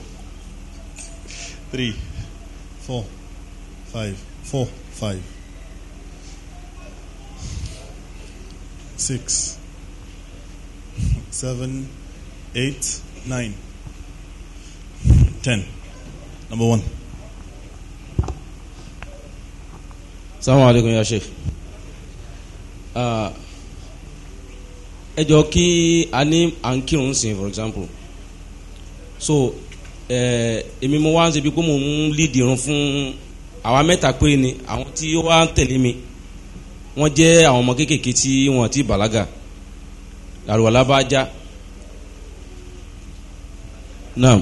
three, four, five, four, five, six, seven, eight, nine, ten. Number one. salamu aleykum ya sheikh ah, ẹ jọ kí a ní à ń kírun sìn for example so èmi mo wá ń ṣe bí pé mo ń lead irun fún àwa mẹ́ta péré ni àwọn tí ó wá ń tẹ̀lé mi wọ́n jẹ́ àwọn ọmọ kéékèèké tí wọ́n ti bàlágà làrúwàlá bá já náà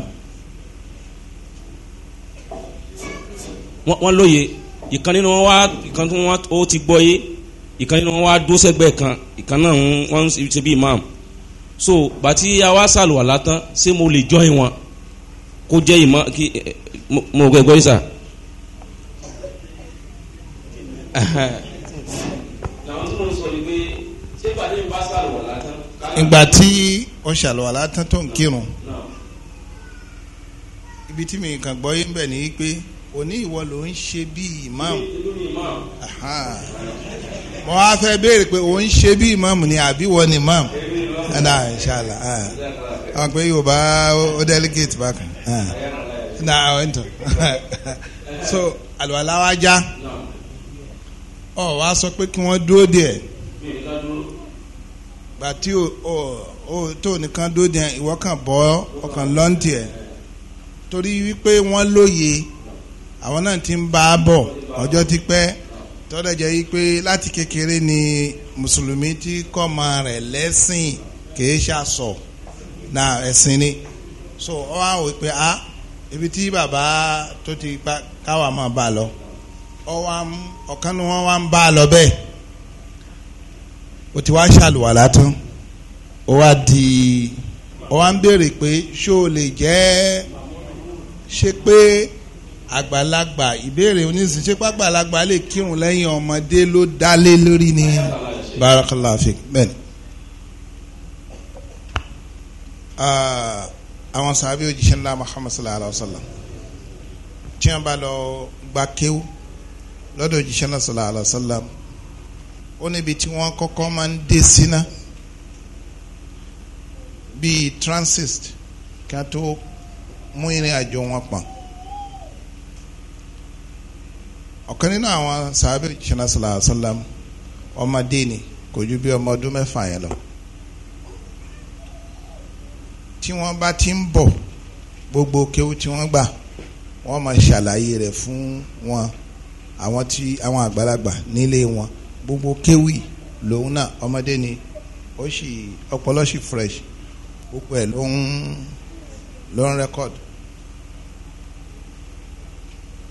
wọ́n lóye ìkan nínú wọn wá ìkan tó wọn ó ti gbọ́ yé ìkan nínú wọn wá dó sẹ́gbẹ̀ẹ́ kan ìkan náà wọn ń ṣe bí imam so bàtí àwa sàlùwà látàn ṣé mo lè jọ́ ìwọ̀n kó jẹ́ ìmọ̀ kí mo gbẹ̀gbọ́ yìí sà. ìgbà tí ó ṣàlùwà látàn tó ń kírun ibi tí mi kàn gbọ́ yé ń bẹ̀ ni pé òní ìwọ ló ń ṣe bí imam mo wá fẹ́ béèrè pé òun ṣe bí imam ni àbí wọ́n ni imam ẹ̀dá inshallah ah. àwọn pé yorùbá ó delegate bákan náà ah. àwọn ẹ̀ńtọ́ so àlùwàlá wa já ọ wá sọ pé kí wọ́n dúró díẹ̀ gbàtí ó tó nìkan dúró díẹ̀ ìwọ kan bọ́ ọkàn lọ́ntì ẹ̀ torí wípé wọ́n lóye àwọn náà ti ń bá a bọ̀ ọjọ́ ti pẹ́ tọ́lẹ̀ jẹ́ wípé láti kékeré ni mùsùlùmí ti kọ́ ọmọ rẹ̀ lẹ́sìn kìí ṣàṣọ na ẹ̀sìn ni so ọ wá wò pé a ibi tí bàbá tó ti pa káwa máa bá a lọ ọ̀kan ni wọ́n wá ń bá a lọ bẹ́ẹ̀ o ti wá ṣàlùwàlá tán o wá di o wá ń béèrè pé ṣé o lè jẹ́ ṣe pé àgbàlagbà ìbéèrè oníṣìí ṣé pàgbàlagbà lè kírun lẹ́yìn ọmọdé ló dálé lórí ni barakallahu fik bẹ́ẹ̀ ni. àwọn sàbí òjíṣẹ́ ńlá muhammad sallallahu alayhi wa sallam tí wọ́n bá lọ gba kéwú lọ́dọ̀ òjíṣẹ́ ńlá sallallahu alayhi wa sallam ó níbi tí wọ́n kọ́kọ́ máa ń dé síná bíi transist kí wọ́n tó mú ìrìn àjò wọn pọ̀n. ọ̀kan nínú àwọn sàábẹ̀ ṣẹlá sàlám ọmọdé ni kò ju bí ọmọ ọdún mẹ́fà yẹn lọ tí wọ́n bá ti ń bọ̀ gbogbo kéwú tí wọ́n gbà wọ́n máa ṣàlàyé rẹ̀ fún wọn àwọn tí àwọn àgbàlagbà nílé wọn gbogbo kéwì lòun náà ọmọdé ni ó sì ọpọlọ sì fresh gbogbo ẹ̀ ló ń ló ń rẹ́kọ̀d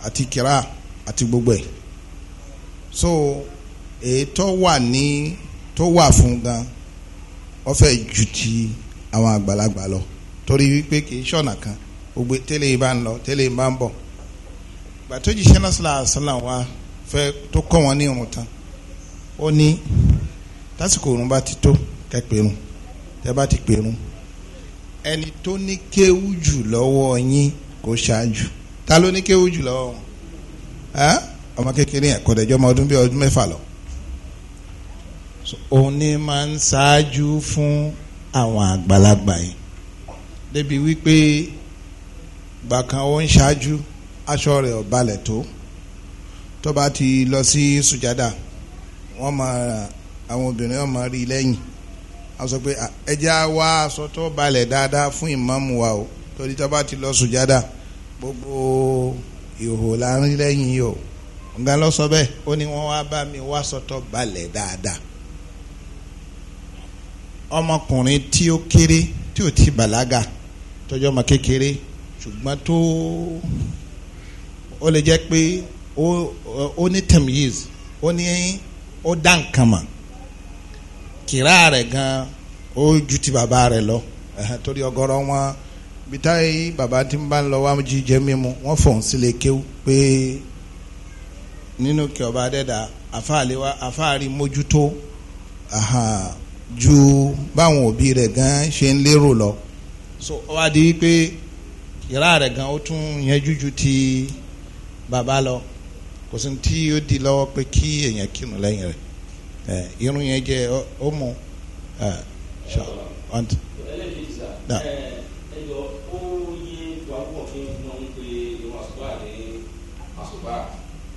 àti kìrá àti gbogbo ẹ̀ so èyí tó wà ní tó wà fún gan wọ́n fẹ́ ju ti àwọn àgbàlagbà lọ torí wípé kì í ṣọ̀nà kan gbogbo tẹ́lẹ̀ bá ń lọ tẹ́lẹ̀ bá ń bọ̀ gbàtọ́jì sẹ́nàṣìlá àṣàlà wa fẹ́ tó kọ́ wọn ní irun tán ó ní tásìkò òrùn bá ti tó kẹ́pẹ̀rún tẹ́ bá ti pẹ̀rún ẹni tó ní kéwú jù lọ́wọ́ yín kó ṣáájú ta ló ní kéwú jù lọ́wọ́ wọn ọmọ kékeré yẹn kò dẹjọ́ ọmọ ọdún bíi ọdún mẹ́fà lọ òun ni máa ń ṣáájú fún àwọn àgbàlagbà yìí débi wípé gbàkan ó ń ṣáájú aṣọ rẹ̀ ò balẹ̀ tó tó bá ti lọ sí sùjádà wọ́n máa àwọn obìnrin wọn máa rí i lẹ́yìn wọ́n sọ pé ẹjẹ́ á aṣọ tó balẹ̀ dáadáa fún ìmáàmù wa o torí tó bá ti lọ sùjádà gbogbo ìhò la ń rí lẹ́yìn yìí o nga lọ sọ bẹ́ẹ̀ ó ní wọ́n wá bá mi wá sọ́tọ̀ balẹ̀ dáadáa ọmọkùnrin tí ó kéré tí ò ti bàlágà tọjọ́ ọmọ kékeré ṣùgbọ́n tó ó lè jẹ́ pé ó ní tamiz ó ní ó dá nǹkan mọ̀ kìrá rẹ̀ gan ó ju ti bàbá rẹ̀ lọ torí ọgọ́rọ̀ wọn bìtá yìí bàbá tí ń bá ń lọ wá jíjẹ mímu wọ́n fọ̀n sílé kéwú pé nínú kí ọba adẹ́dà àfáàléwá àfáàrí mójútó ju báwọn òbí rẹ̀ gan ṣe ń lérò lọ so ó wá di pé ìrá rẹ̀ gan ó tún yẹn jújú ti baba lọ kò sí tí ó di lọ́wọ́ pé kí èèyàn kírun lẹ́yìn rẹ̀ irun yẹn jẹ́ ó mú. Uh, sure. And,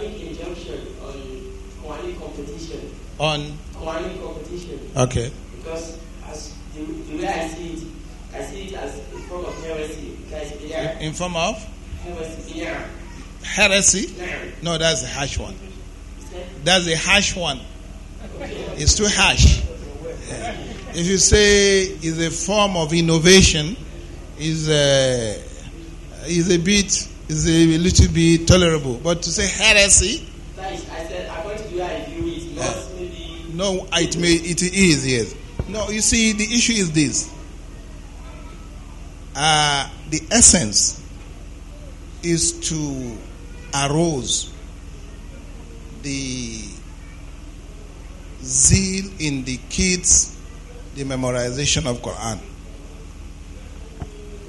Islamic injunction on Quranic competition. On? Quranic competition. Okay. Because as the, the, way I see it, I see it as a form of heresy. Because in, in form of? Heresy. Yeah. Heresy? Yeah. No, that's a harsh one. That's a harsh one. Okay. It's too harsh. Yeah. If you say it's a form of innovation, is a, is a bit is a, little bit tolerable. But to say heresy, No, it may it is yes. No, you see, the issue is this: uh, the essence is to arouse the zeal in the kids the memorization of quran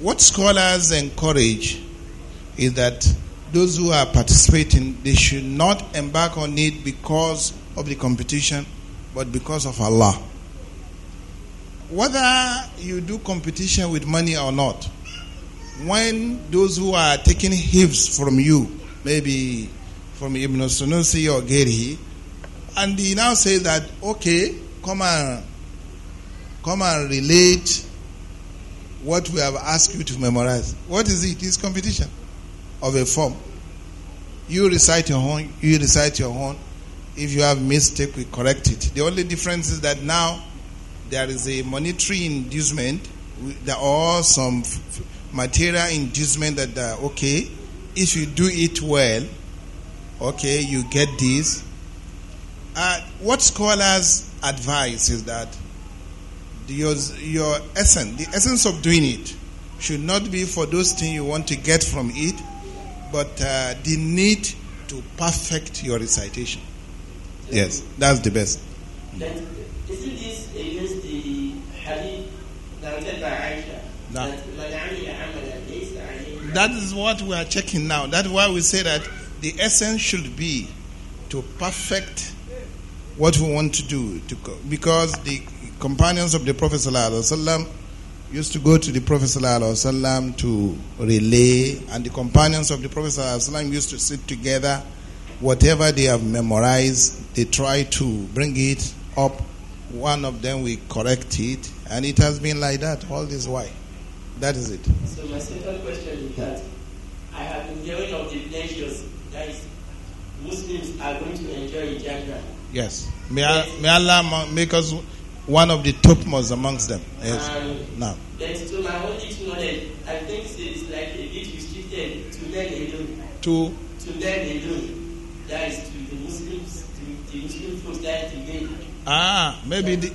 what scholars encourage is that those who are participating they should not embark on it because of the competition but because of Allah whether you do competition with money or not when those who are taking heaps from you maybe from Ibn Sunusi or Geri and he now says that okay come and come and relate what we have asked you to memorize what is it it's competition of a form. You recite your own, you recite your own. If you have mistake, we correct it. The only difference is that now there is a monetary inducement. There are some material inducement that are uh, okay, if you do it well, okay, you get this. Uh, what scholars advise is that your, your essence, the essence of doing it, should not be for those things you want to get from it, but uh, the need to perfect your recitation. Yes, that's the best. Then, isn't this against the hadith narrated by Aisha? That, that is what we are checking now. That's why we say that the essence should be to perfect what we want to do, to, because the companions of the Prophet sallallahu alaihi wasallam used to go to the Prophet ﷺ to relay, and the companions of the Prophet ﷺ used to sit together. Whatever they have memorized, they try to bring it up. One of them will correct it, and it has been like that all this while. That is it. So my second question is that I have been hearing of the pleasures that is, Muslims are going to enjoy in Jannah. Yes. May, I, may Allah make us one of the topmost amongst them. Yes. Um, now. Then to my own little knowledge, I think it's like a bit restricted to them alone. To? To them alone. That is to the Muslims, to the Muslim folks that today. Ah, maybe the,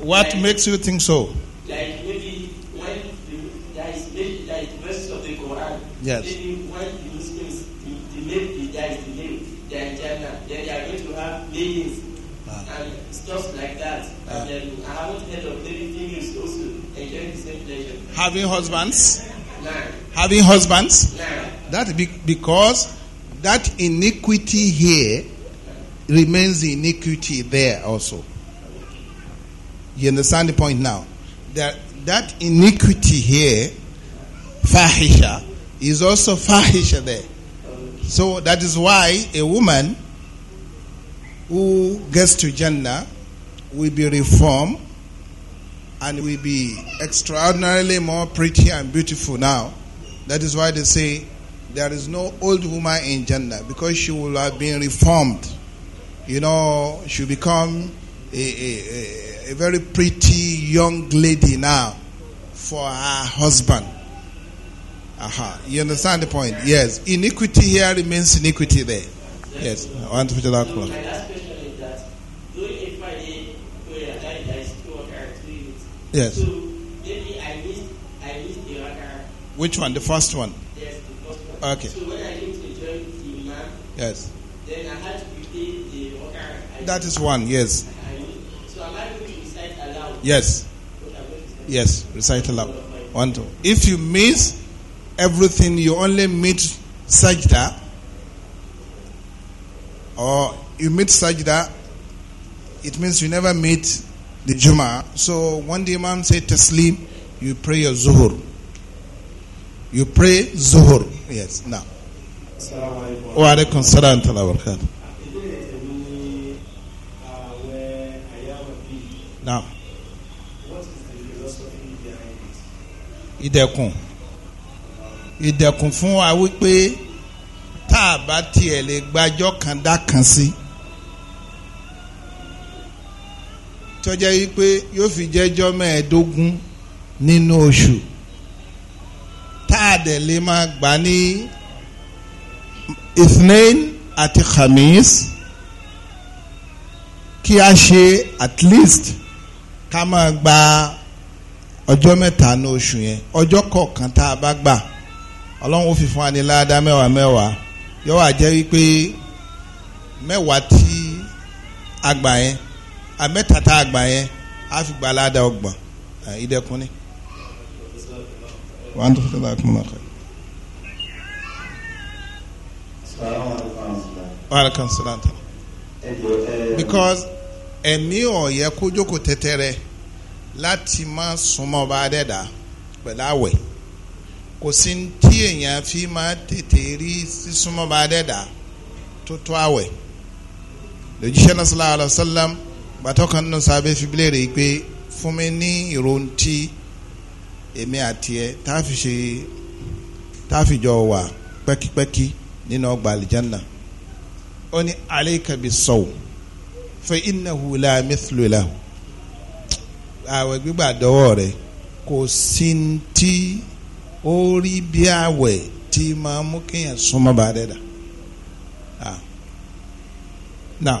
what like, makes you think so? Like maybe when the, that is maybe that is verses of the Quran. Yes. Maybe when the Muslims, the, the name, that is the name, they are in China, then they are going to have meetings. Ah. And, just like that. Uh, then I haven't heard of anything also enjoying the same pleasure. Having husbands? Nine. Having husbands? Nine. That be, because that iniquity here remains iniquity there also. You understand the point now? That that iniquity here, fahisha, is also fahisha there. So that is why a woman who gets to Jannah will be reformed and will be extraordinarily more pretty and beautiful now. That is why they say there is no old woman in gender because she will have been reformed. You know, she become a, a, a, very pretty young lady now for her husband. Aha. Uh-huh. You understand the point? Yes. Iniquity here remains iniquity there. Yes. I want to put that Yes. So maybe I missed, I missed the other. Which one? The first one? Yes, the first one. Okay. So when I need to join the imam, yes. then I had to retain the rakah. That is one, yes. So am I going to recite aloud? Yes. Yes, recite aloud. One, two. If you miss everything, you only meet sajda, or you meet sajda, it means you never meet the Juma. So when the Imam said to Taslim, you pray your Zuhur. You pray Zuhur. Yes, now. Wa alaykum salam wa barakatuh. Now. Ìdẹ̀kùn. Ìdẹ̀kùn fún wa wípé tá a bá tiẹ̀ lè gbàjọ́ kan dá kan sí. Si tọ́jà yìí pé yóò fi jẹ́jọ́ mẹ́ẹ̀ẹ́dógún nínú oṣù tá a dẹ̀ lè máa gbà ní ithnain àti khamis kí a ṣe at least ká máa gba ọjọ́ mẹ́ta ní oṣù yẹn ọjọ́ kọ̀ọ̀kan tá a bá gbà ọlọ́run fi fún wa mẹ́wàá mẹ́wàá yóò wá jẹ́ wípé mẹ́wàá tí a gbà yẹn àmẹ́ta tá a gbà yẹn a fi gba aláda ọgbọ̀n ìdẹ́kun ni. wàá tó fẹ́ bá a kún un ọkọ. wàlúkàn sọláńtà. because ẹ̀mí ọ̀yẹ́ kó jókòó tẹ́tẹ́rẹ́ láti máa súnmọ́ ọba adẹ́dà pẹ̀lú àwẹ̀ kò sí tí èèyàn fi máa tètè rí sísúnmọ́ ọba adẹ́dà tó tó àwẹ̀ lójúṣẹ́ náà sallallahu alaihi wasallam gbàtọ́kan nínú sábẹ́ fi bílẹ̀ rè pé fún mi ní ìròhùn tí èmi àti ẹ tá a fi ṣe tá a fi jọ wà pẹ́kípẹ́kí nínú ọgbà àlìjánná ó ní alayka bis-sawm fa innahu la mithlu lahu àwẹ̀ gbígbà dọ́wọ́ rẹ̀ kò sí ti ó rí bí àwẹ̀ tí máa mú kéèyàn súnmọ́ bá dẹ́dà. Ah. Now.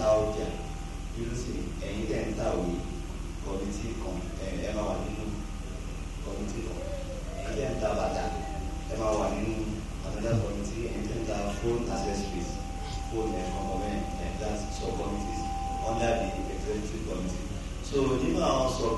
kí ẹ̀ ń ta bàtà ẹ máa wà nínú another committee ẹ̀yìn tó ń ta phone access fees phone ẹ̀ kọ̀ọ̀kan mẹ́rin ẹ̀ that sub committees under the executive committee so nínú àwọn sub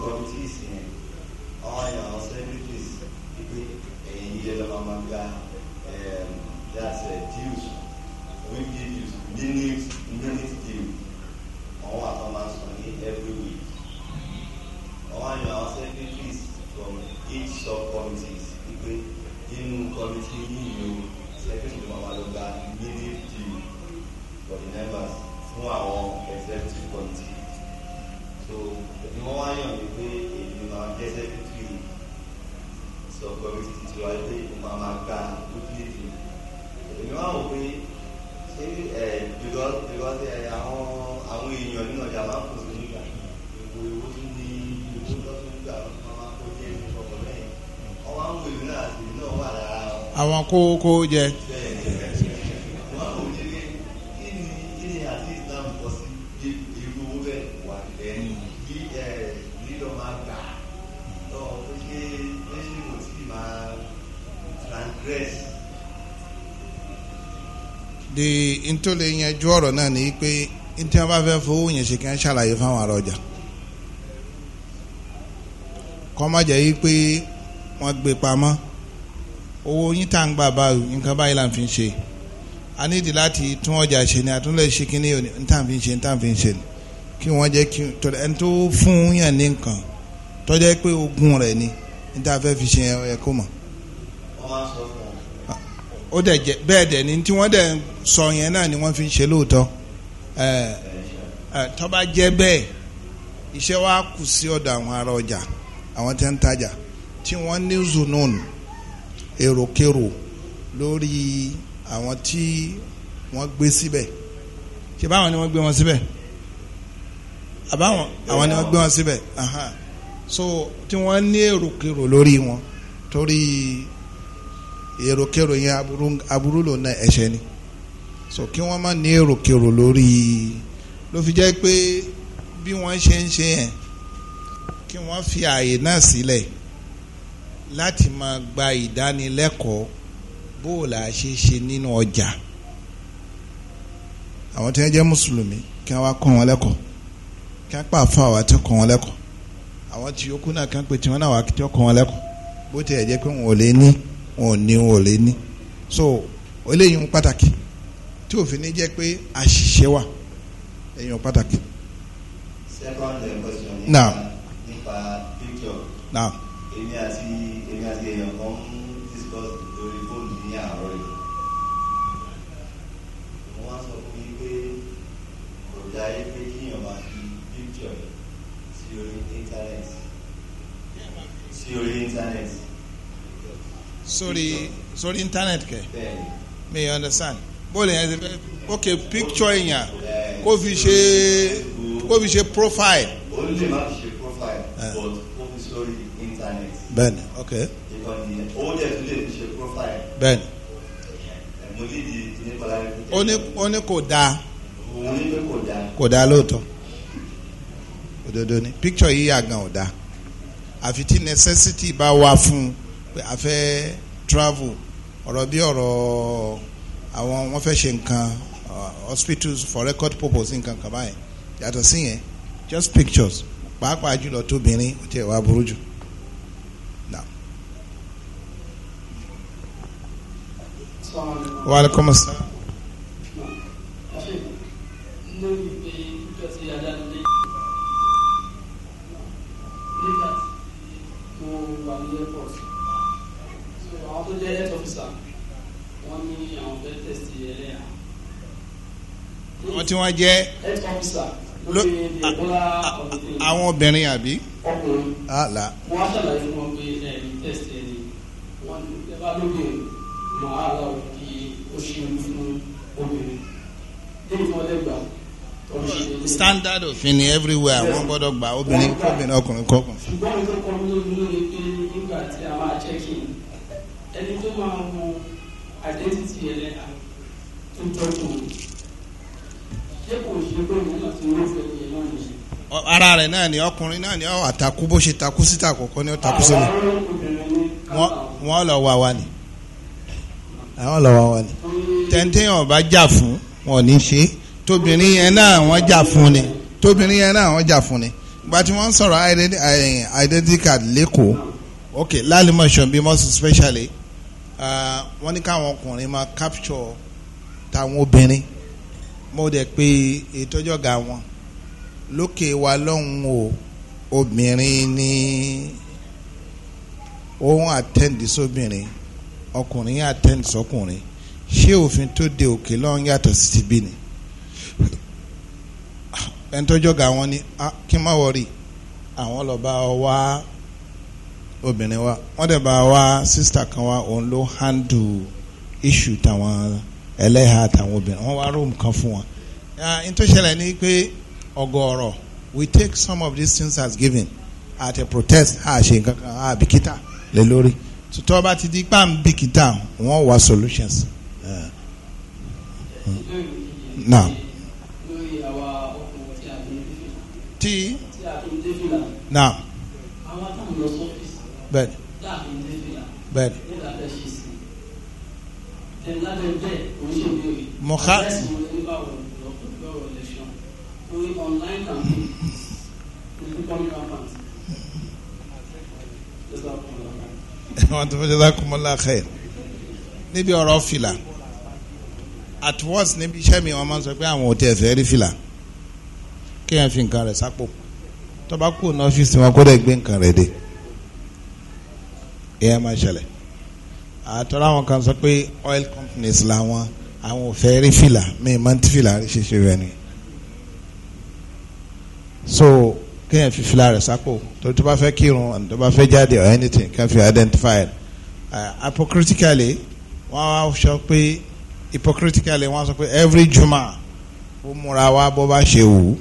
kó kó jẹ. de ntòlè yẹn ju ọ̀rọ̀ náà ni pé ntí wọn bá fẹ́ fowó yẹn ṣe kí wọn ṣàlàyé fáwọn ará ọjà kọ́ má jẹ́ pé wọ́n gbé pamọ́ owó yín tá à ń gbà báyìí nǹkan báyìí là ń fi ṣe a nídi láti tún ọjà ṣe ni àtúnlẹ̀ ṣe kí ni tá à ń fi ṣe tá à ń fi ṣe ni kí wọ́n jẹ́ kí tọ́lẹ̀ ẹni tó fún yàn ní nǹkan tọ́jẹ́ pé ogun rẹ̀ ni ní tá a fẹ́ fi ṣe ẹ kó mọ̀. ó dẹ̀ jẹ́ bẹ́ẹ̀ dẹ̀ ni tí wọ́n dẹ̀ sọ yẹn náà ni wọ́n fi ń ṣe lóòótọ́ tó jẹ́ bẹ́ẹ̀ iṣẹ́ wa kù sí ọ̀dọ̀ àwọn ará ọjà àwọn tẹ́ tí wọ́n ní zunun èròkérò lórí àwọn tí wọ́n gbé síbẹ̀ ṣe báwọn ni wọ́n gbé wọn síbẹ̀ àbáwọn àwọn ni wọ́n gbé wọn síbẹ̀ so tí wọ́n ní èròkérò lórí wọn torí èròkérò yẹn aburú ló na ẹ̀ṣẹ̀ ni so kí wọ́n má ní èròkérò lórí ló fi jẹ́ pé bí wọ́n ṣe ń ṣe yẹn kí wọ́n fi ààyè náà sílẹ̀. Si láti máa gba ìdánilẹ́kọ̀ọ́ bó o là ṣe ṣe nínú ọjà àwọn tí wọ́n jẹ́ mùsùlùmí kí wọ́n wá kọ́ wọn lẹ́kọ̀ọ́ kí wọ́n pàfọ àwọn àti kọ́ wọn lẹ́kọ̀ọ́ àwọn tí yòókù náà kàn pé tí wọ́n náà wà kí wọ́n kọ́ wọn lẹ́kọ̀ọ́ bó tiẹ̀ jẹ́ pé wọn ò lè ní wọn ò ní wọn ò lè ní so eléyìí ń pàtàkì tí òfin ní jẹ́ pé àṣìṣe wà èèyàn pàtàkì. second question. now nípa picture. now èmi àti. èmi àti èèyàn kan discuss lórí fóònù ní àárọ̀ yìí wọ́n wá sọ fún mi pé kò pé máa fi picture sí orí internet sí orí internet. sórí sórí internet kẹ mi understand bóòlù yẹn ti fẹ́ ok picture yẹn kó fi ṣe kó fi ṣe profile. ó fi ṣe profile eh. but fi sórí internet. bẹ́ẹ̀ni. Okay. owó Oni oni lè ṣe profile. bẹ́ẹ̀ni. mo òdodo ni picture yìí àgàn ò dáa àfi tí necessity bá wà fún pé a fẹ́ travel ọ̀rọ̀ bí ọ̀rọ̀ àwọn wọ́n fẹ́ ṣe nǹkan uh, hospitals for record purpose nǹkan kan báyìí yàtọ̀ sí just pictures pàápàá jùlọ tóbìnrin ó tiẹ̀ wá burú jù. wa aleykum assalam. àwọn tí wọ́n jẹ́ àwọn obìnrin àbí. ọkùnrin ah, wọ́n á ṣàlàyé fún wọn pé ẹ̀ẹ́dì tẹ̀sí ẹni wọ́n ní ẹ bá lóde mọ̀ á lọ́wọ́ standard of ni everywhere wọ́n gbọ́dọ̀ gba obìnrin kọbìnrin ọkùnrin kọkùn. ṣùgbọ́n mi tó kọ́ mi lórí lórí pé nígbà tí a máa jẹ́ kí n ẹni tó máa wo identity ẹlẹ́ka tó tọ́jú o ṣé kò ṣe pé òun náà ti wọ́n fẹ́ yẹn náà nìyẹn ara rẹ̀ náà ni ọkùnrin náà ni ọ àtakú bó ṣe takú síta àkọ́kọ́ ni ó takú sómi wọ́n lọ wá wa ni àwọn lọ́wọ́ wọn ni tẹ̀ntẹ̀yìn ọba jà fún wọn ní ṣe tóbìnrin yẹn náà wọ́n jà fún ni tóbìnrin yẹn náà wọ́n jà fún ni ìgbà tí wọ́n ń sọ̀rọ̀ eh, identity card lẹ́kọ̀ọ́ ok lálẹ́mọ̀ṣọ́ bí most especially ah, wọ́n ní káwọn ọkùnrin máa capture táwọn obìnrin mo dẹ̀ pé ìtọ́jọ́gà wọn lókè wa lọ́hùn o obìnrin ni òun attend sóbìnrin. So ọkùnrin attend sọkùnrin ṣé òfin tó de òkè lọ́n yàtọ̀ sí ti bí ni ẹni wọn ni ah, kí n má wọrí àwọn lọ bá wá obìnrin wa wọ́n dẹ̀ bá wá sísítà kan wá òun ló handle issue tàwọn ẹlẹ́hà àtàwọn obìnrin wọ́n wá room kan fún wọn. Ah, n ni pé ọ̀gọ̀ọ̀rọ̀ we take some of these things as given at a protest a ṣe nǹkan kan a bìkítà lé lórí tó bá ti di pa ń bìkítà wọ́n wá solutions. náà. tí. náà. bẹ́ẹ̀ni. bẹ́ẹ̀ni. mọ̀ká. online campaign. níbi ọ̀rọ̀ fìlà at once níbi iṣẹ́ mi wọ́n máa ń sọ pé àwọn ò tiẹ̀ fẹ́ rí fìlà kéèyàn fi nǹkan rẹ̀ sápò tó kú ní ọ́fíìsì wọn kó gbé nǹkan rẹ̀ dé ìyẹn máa ṣẹlẹ̀ àtọ́lá àwọn kan sọ pé oil companies làwọn àwọn ò fẹ́ rí fìlà mi máa ń tí fìlà rí ṣe ṣe rẹ̀ so kéèyàn fi fìlà rẹ̀ sápò torí tó bá fẹ́ kírun àti tó bá fẹ́ jáde or anything can fi identify it uh, hypocritically wọ́n wá sọ pé hypocritically wọ́n sọ pé every juma ó múra wá bó bá ṣe wù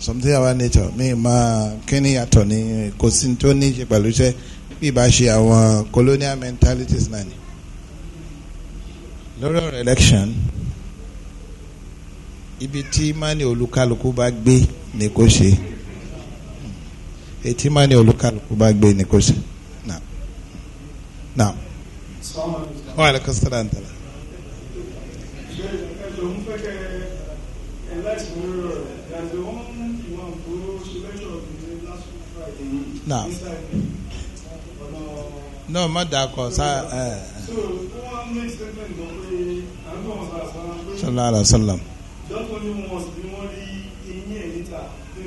something about nature mi máa kíni yàtọ̀ ní kò sí tó ní ṣe pẹ̀lú iṣẹ́ bí ìbá ṣe àwọn colonial mentalities náà ni lórí ọ̀rọ̀ election ibi tí mani olúkálùkù bá gbé ni kò ṣe etí máa ní olúkàlùkù bá gbé ni kò ṣe náà náà wọn àlẹ kọsílẹ àǹtẹlẹ. Now, no, my dad, cause I. Uh, eh. Sallallahu alaihi wasallam.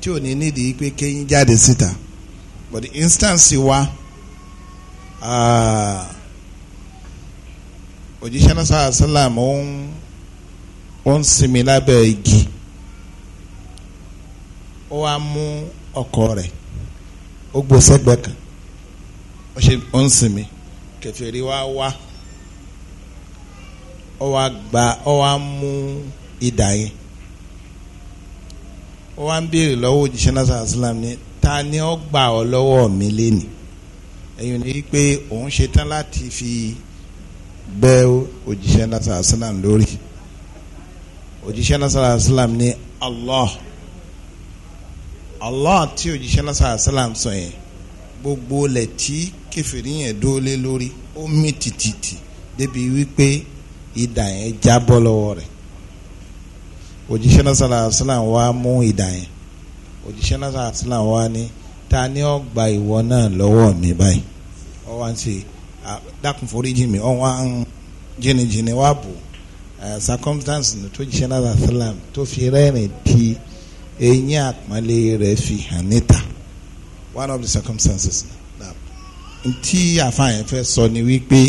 tí ò ní nídìí pé kéyìn jáde síta but the instance wa òjíṣẹ́ náà sọ́ra sálàm ó ń ó ń sinmi lábẹ́ igi ó wá mú ọkọ rẹ̀ ó gbó sẹ́gbẹ̀ẹ́ kan ó ṣe ó ń sinmi kẹfìrí wá wá ó wá gba ó wá mú idà yẹn ó wá ń béèrè lọ́wọ́ òjíṣẹ́ náà sàlá sàlám ni ta ni ó gbà ọ́ lọ́wọ́ mi lénìí ẹ̀yìn ni pé òun ṣe tán láti fi bẹ́ òjíṣẹ́ náà sàlá sàlám lórí òjíṣẹ́ náà sàlá sàlám ni Allah Allah tí òjíṣẹ́ náà sàlá sàlám sọ yẹn gbogbo lẹ̀ tí kẹfìrí yẹn dóolé lórí ó mì tìtìtì débi wípé idà yẹn jábọ́ lọ́wọ́ rẹ̀ òjíṣẹ́ náà sàlà sàlàm wá mú ìdà yẹn òjíṣẹ́ náà sàlà sàlàm wá ní ta ni ó gba ìwọ náà lọ́wọ́ mi báyìí ọ wá ń ṣe dákun foríjì mi ọ wá ń jìnnìjìnnì wá bò circumstance tó jíṣẹ́ náà sàlàm tó fi rẹ́rìn tí eyín àpọ́nlé rẹ̀ fi hàn níta one of the circumstances tí àfààyàn fẹ́ sọ ni wípé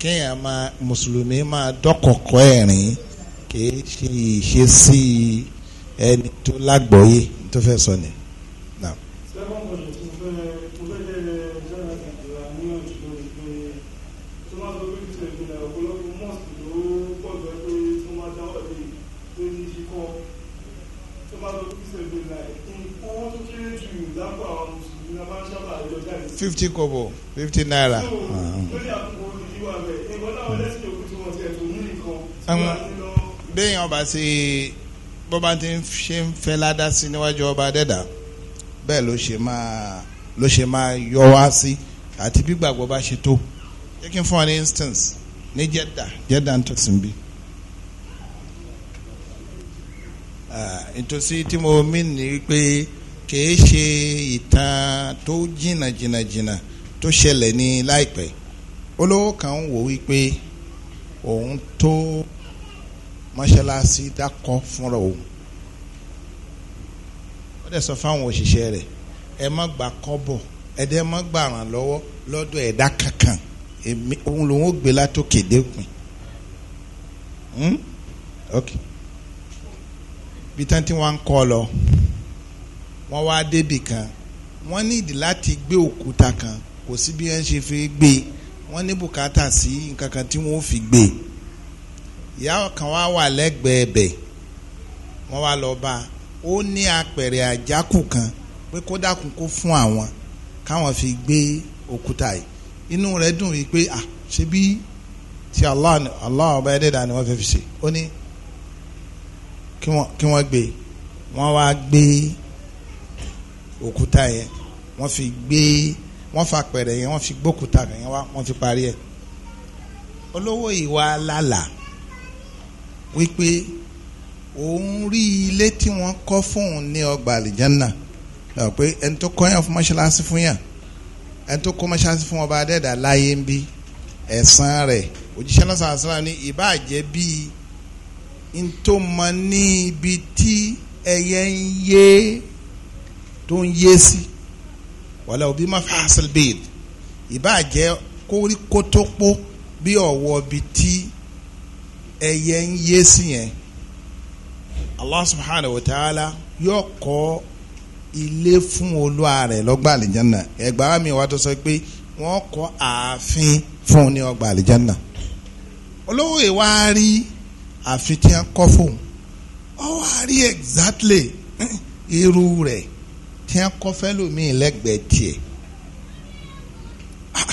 kéèyàn máa mùsùlùmí máa dọ́kọ̀kọ́ ẹ̀rín kìí ṣe ìṣesí ẹni tó lágbọ́yé tó fẹ́ sọ ni. fifty kobo, fifty naira. Ah. lórí àkókò béèyàn bá ṣe bó bá ti ṣe ń fẹ́ ládá sí níwájú ọba dẹ́dà bẹ́ẹ̀ ló ṣe máa ló ṣe máa yọ wá sí àti bí gbàgbọ́ bá ṣe tó jẹ́ kí n fún ọ ní instance ní Jeddah Jeddah ń tọ́sí bí. ìtòsí tí mo mí ni pé kìí ṣe ìtàn tó jìnnà jìnnà jìnnà tó ṣẹlẹ̀ ní láìpẹ́ olówó kan wò wípé òun tó mọ́ṣáláṣí dákọ́ fúnra òun ó dẹ̀ sọ fáwọn òṣìṣẹ́ rẹ̀ ẹ má gbà kọ́bọ̀ ẹ dẹ́ má gbà ràn lọ́wọ́ lọ́dọ̀ ẹ̀dá kankan èmi òun lòun ó gbé látòkè dépin hmm? bí tán tí wọ́n ń kọ́ lọ wọ́n wá débì kan wọ́n nídìí láti gbé òkúta kan kò sí bí wọ́n ṣe fi gbé wọ́n ní bùkátà sí nǹkan kan tí wọ́n fi gbé e ìyá kan wá wà lẹ́gbẹ̀ẹ́ bẹ̀ wọ́n wá lọ bá ó ní apẹ̀rẹ̀ àjákù kan pé kó dákun kó fún àwọn káwọn fi gbé òkúta yìí inú rẹ̀ dùn wí pé à ṣe bí ti Allah Allah ọba ẹlẹ́dàá ni wọ́n fẹ́ fi ṣe ó ní kí wọ́n gbé wọ́n wá gbé òkúta yẹn wọ́n fi gbé wọ́n fa pẹ̀rẹ̀ yẹn wọ́n fi gbókúta yẹn wá wọ́n fi parí ẹ̀ olówó ìwà lálàá wípé òun rí ilé tí wọ́n kọ́ fóun ní ọgbà àlìjánà pé ẹni tó kọ́ yàn fún mọ́ṣáláṣí fún yàn ẹni tó kọ́ mọ́ṣáláṣí fún ọba adẹ́dà láyé ń bí ẹ̀san rẹ̀ òjíṣẹ́ náà sàn ní ìbáàjẹ́ bíi ntòmọ ní ibi tí ẹyẹ ń yé tó ń yé sí wàlẹ́ òbí má fà hasil ìbáàjẹ́ kórí kótópó bí ọ̀wọ́ bíi tí ẹyẹ ń yé sí yẹn Allah subhanahu wa ta'ala yóò kọ́ ilé fún olúwa rẹ̀ lọ́gbà àlìjánà ẹgbàá mi wá tó sọ pé wọ́n kọ́ ààfin fún un ní ọgbà àlìjánà olówó ìwà rí ààfin tí wọ́n kọ́ fóun ọ wá rí exactly eh, irú rẹ̀ tí wọ́n kọ́ fẹ́lòmíì lẹ́gbẹ̀ẹ́ tiẹ̀ ah,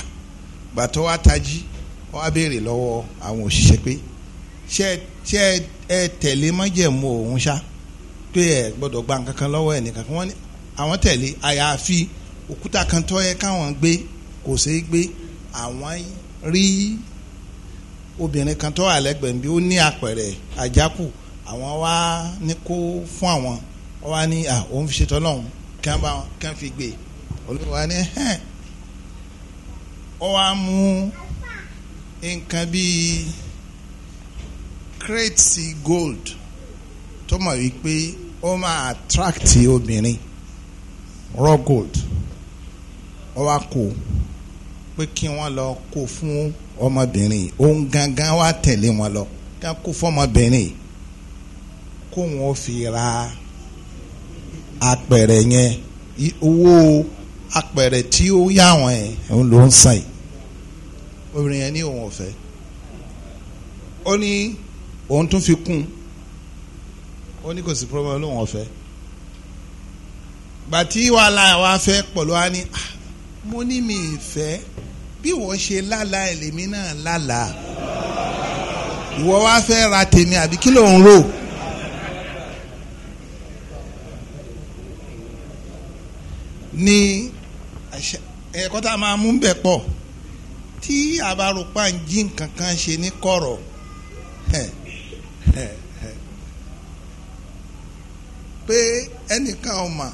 gbàtọ́ wa tají wọ́n á béèrè lọ́wọ́ àwọn òṣìṣẹ́ pé ṣe ṣe ẹ tẹ̀lé májẹ̀mú òun ṣá pé ẹ gbọ́dọ̀ gba nǹkan kan lọ́wọ́ ẹnìkan kan wọ́n ní àwọn tẹ̀lé àyàfi òkúta kan tọ́ yẹ káwọn gbé kò ṣeé gbé àwọn rí obìnrin kan tọ́ àlẹ́gbẹ̀ẹ́ bí ó ní àpẹẹrẹ àjákù àwọn wá ní kó fún àwọn wọ́n wá ní à òun fi ṣetán lọ́hùn kí wọ́n fi gbé olùwà ní hẹ́n ọ wá mú nǹkan bíi. Crazy gold tó mọ̀ wípé ó máa attract obìnrin raw gold ó wá kó pé kí wọ́n lọ kó fún ọmọbìnrin òun gangan wá tẹ̀lé wọn lọ ká kó fọmọbìnrin kó wọn fi ra apẹ̀rẹ̀ yẹn owó apẹ̀rẹ̀ tí ó yá wọn yẹn òun ló ń sàn yìí obìnrin yẹn ní òun ò ó ní òun tún fi kún ó ní kò sí problem lóun ọ̀fẹ́ gbàtí wàhálà wa fẹ́ pọ̀lú wa ní ah, mo ní mi ìfẹ́ bí wọ́n ṣe lálàá ẹlẹ́mí náà lálàá ìwọ wá fẹ́ ra tèmi àbí kí ló ń rò. ní ẹ̀kọ́ tá a máa mú bẹ̀ pọ̀ tí àbárò pa ń jí nǹkan kan ṣe ní kọ̀rọ̀ pé ẹnìkan ọmọ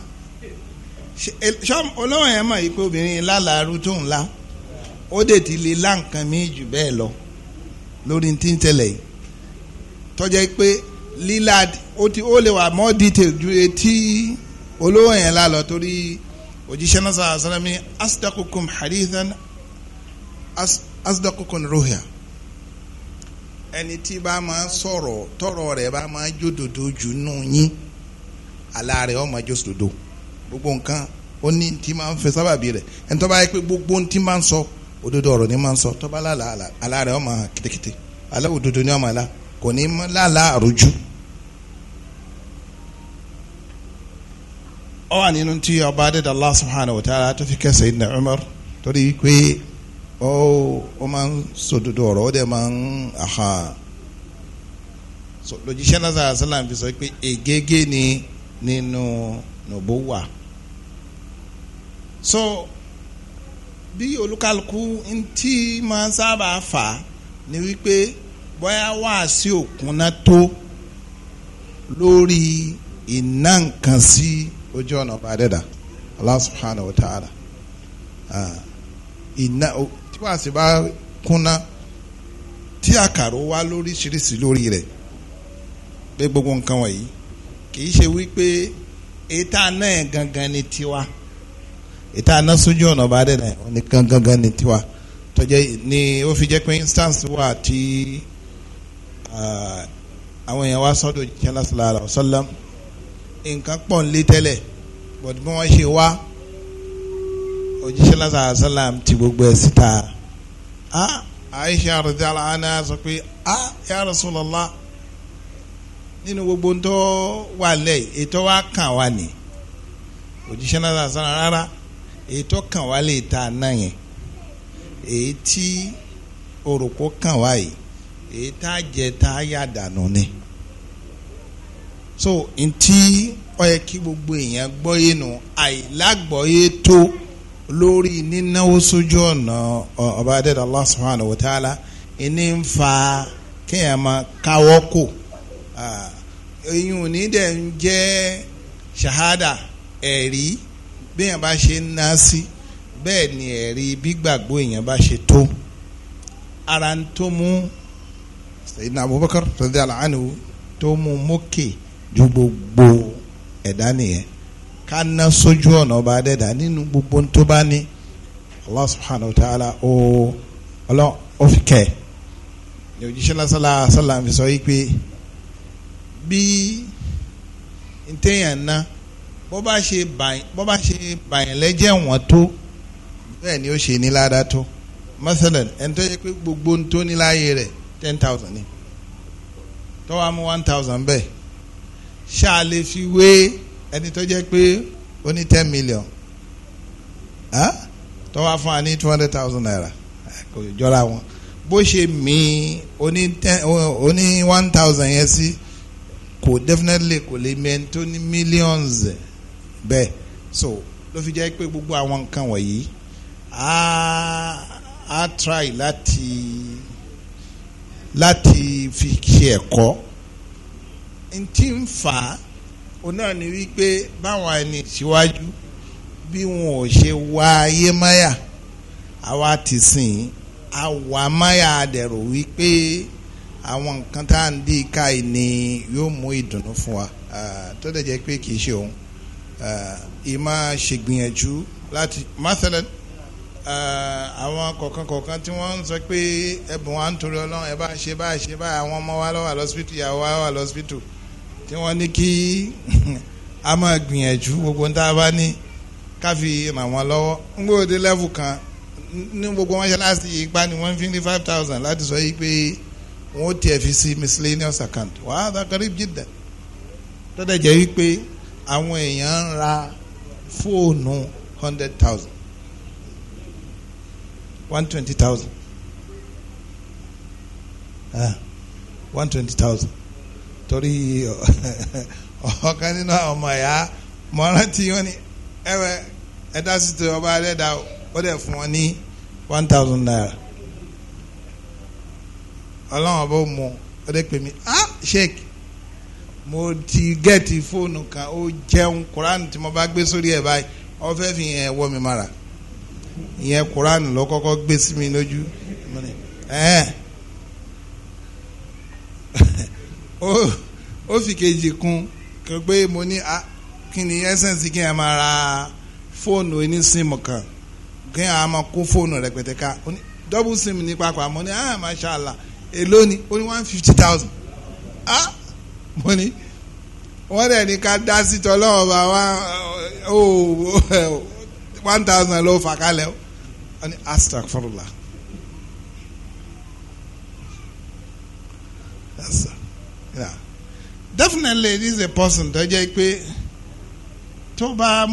ọlọ́wọ̀n yẹn pé obìnrin lálàárú tó ń la ó dè ti lè lọ lórí ń tẹ̀lẹ̀ yìí pé more ju etí yẹn torí òjíṣẹ́ náà sọ̀rọ̀ sọ̀rọ̀ mi ẹni tí bá máa sọ̀rọ̀ tọ̀rọ̀ rẹ̀ bá máa jódodo jù nù yín àlá rẹ̀ ọmọ jódodo gbogbo nǹkan ó ní tí máa ń fẹ́ sábàbí rẹ̀ ẹni tó bá yẹ pé gbogbo tí máa ń sọ òdodo ọ̀rọ̀ ni máa ń sọ tó bá lálàá àlá rẹ̀ ọmọ kìtìkìtì àlá òdodo ni ọmọ àlá kò ní lálàá àròjù. ó wà nínú tí ọba adédọ̀lá subhanahu wa ta'ala tó fi kẹ́ Sayyidina Umar torí pé. Ọ ọ ma ń sòdodo ọ̀rọ̀ ó dẹ̀ máa ń lójíṣẹ́ náà sáà sálàm fi sọ pé ni nínú so bí olúkálukú ntí máa sábà fà á ni wípé bóyá wà sí tó lórí iná nǹkan sí ojú ọ̀nà ọba iná tí wàá sì bá kúnná tí àkàrò wá lóríṣiríṣi lórí rẹ̀ pé gbogbo nǹkan wọ̀nyí kì í ṣe wípé ètà náà gangan ni tiwa ètà náà sójú ọ̀nà bá dẹ̀ náà nìkan gangan ni tiwa tọ́jẹ́ ni ó fi jẹ́ pé instance wà tí àwọn èèyàn wá sọ́dọ̀ jẹ́ lásìlára ọ̀sọ́lá nǹkan pọ̀ ń lé tẹ́lẹ̀ bọ̀dé bí ṣe wá òjíṣẹ́ lásán àṣàlám ti gbogbo ẹ̀ síta a Aisha rẹ̀dàlá ana sọ pé a ya Rasulullah nínú gbogbo ń tọ́ wà lẹ́yìn ètò wa kàn wá ní òjíṣẹ́ lásán àṣàlám rárá ètò kàn wá lè ta náà yẹn èyí tí òròpó kàn wá yìí èyí tá a jẹ tá a yà dànù ni so ntí ó yẹ kí gbogbo èèyàn gbọ́ yé nu àìlágbọ́ yé tó lórí nínáwó sójú ọ̀nà ọba adẹ́dàá Allah subhanahu wa ta'ala ìní ń fa kéèyàn máa káwọ́ kò eyín òní dẹ̀ ń jẹ́ ṣahada ẹ̀rí béèyàn bá ṣe ń ná sí bẹ́ẹ̀ ni ẹ̀rí gbígbàgbọ́ èèyàn bá ṣe tó ara ń tó mú Sayyidina Abubakar radiyallahu anhu tó mú mókè ju gbogbo ẹ̀dá nìyẹn kana ná sójú ọ̀nà ọba adẹ́dà nínú gbogbo tó bá ní Allah subhanahu wa ta'ala ó ọlọ́ ó fi kẹ́ ẹ̀ ní òjíṣẹ́ lásàlá sàlá fi sọ yìí pé bí ntẹ́yàn ná bó bá ṣe bàyàn lẹ́jẹ̀ wọ́n tó bẹ́ẹ̀ ni ó ṣe ní ládàá tó masalan ẹni tó yẹ pé gbogbo tó ní láàyè rẹ̀ ten thousand ni tọ́wọ́ á one thousand bẹ́ẹ̀ ṣáà lè fi wé ẹni tó jẹ́ pé ó ní ten million tó wá fún wa ní two hundred thousand naira kò jọra wọn bó ṣe mí oní ten oní one thousand yẹn sí kò definitely kò lè mẹ tó ní millions bẹ́ẹ̀ so ló fi jẹ́ pé gbogbo àwọn nǹkan wọ̀nyí a a try láti láti fi ṣe ẹ̀kọ́ n ti ń fà òun náà ni wípé báwọn ẹni síwájú bí wọn ò ṣe wá ayé máyà àwa ti sìn àwa máyà dẹ̀rọ wípé àwọn nǹkan tá à ń dì ká ni yóò mú ìdùnnú fún wa tó dẹ̀ jẹ́ pé kì í ṣe òun ìmọ̀ ṣègbìyànjú láti mọ́sálẹ̀ àwọn kọ̀ọ̀kan kọ̀ọ̀kan tí wọ́n ń sọ pé ẹ̀bùn wa ń torí ọlọ́run ẹ̀ bá ṣe bá ṣe bá àwọn ọmọ wa lọ́wọ́ àlọ́sípítù ìyàwó wa wà tí wọ́n ní kí a máa gbìyànjú gbogbo tá a bá ní ká fi ràn wọ́n lọ́wọ́ ngbọ́dọ̀ dé level kan ní gbogbo mọ́ṣáláṣí ipa ni wọ́n fi five thousand láti sọ yìí pé wọ́n tiẹ̀ fi sí miscellaneous account wàá dàkàrí jìdá tọ́jà jẹ́ wípé àwọn èèyàn ń ra fóònù hundred thousand one twenty thousand ah, one twenty thousand torí ọ̀kan nínú àwọn ọmọ ẹ̀yà mọ̀rántí wọn ni ẹ̀wẹ̀ ẹ̀dá sì tó ọba ẹ̀dá ó dẹ̀ fún wọn ní one thousand naira ọlọ́run ọba ó mú ó dẹ̀ pè mí ah sheik mo ti gẹ́ẹ̀tì fóònù kan ó jẹun koran tí mo bá gbé sórí ẹ̀ báyìí ó fẹ́ fi yẹn wọ́ mi mara ìyẹn koran ló kọ́kọ́ gbé sí mi lójú ẹ̀ẹ́. ó fi kejì kún kan pé mo ní ah, kí ni essence kí n máa ra fóònù onísìmù kan kí n máa kó fóònù rẹpẹtẹ ká double sim ní papọ̀ àmọ́ ní ah masha allah èló ni ó ní one fifty thousand ah mo ní wọ́n dẹ̀ ní ká dá sí tọ́lọ́wọ́ bá wá one thousand ló fà kalẹ̀ ó ní astagfirullah. Yes, sir. Yeah. Definitely this is a person tó jẹ́ pé tó bá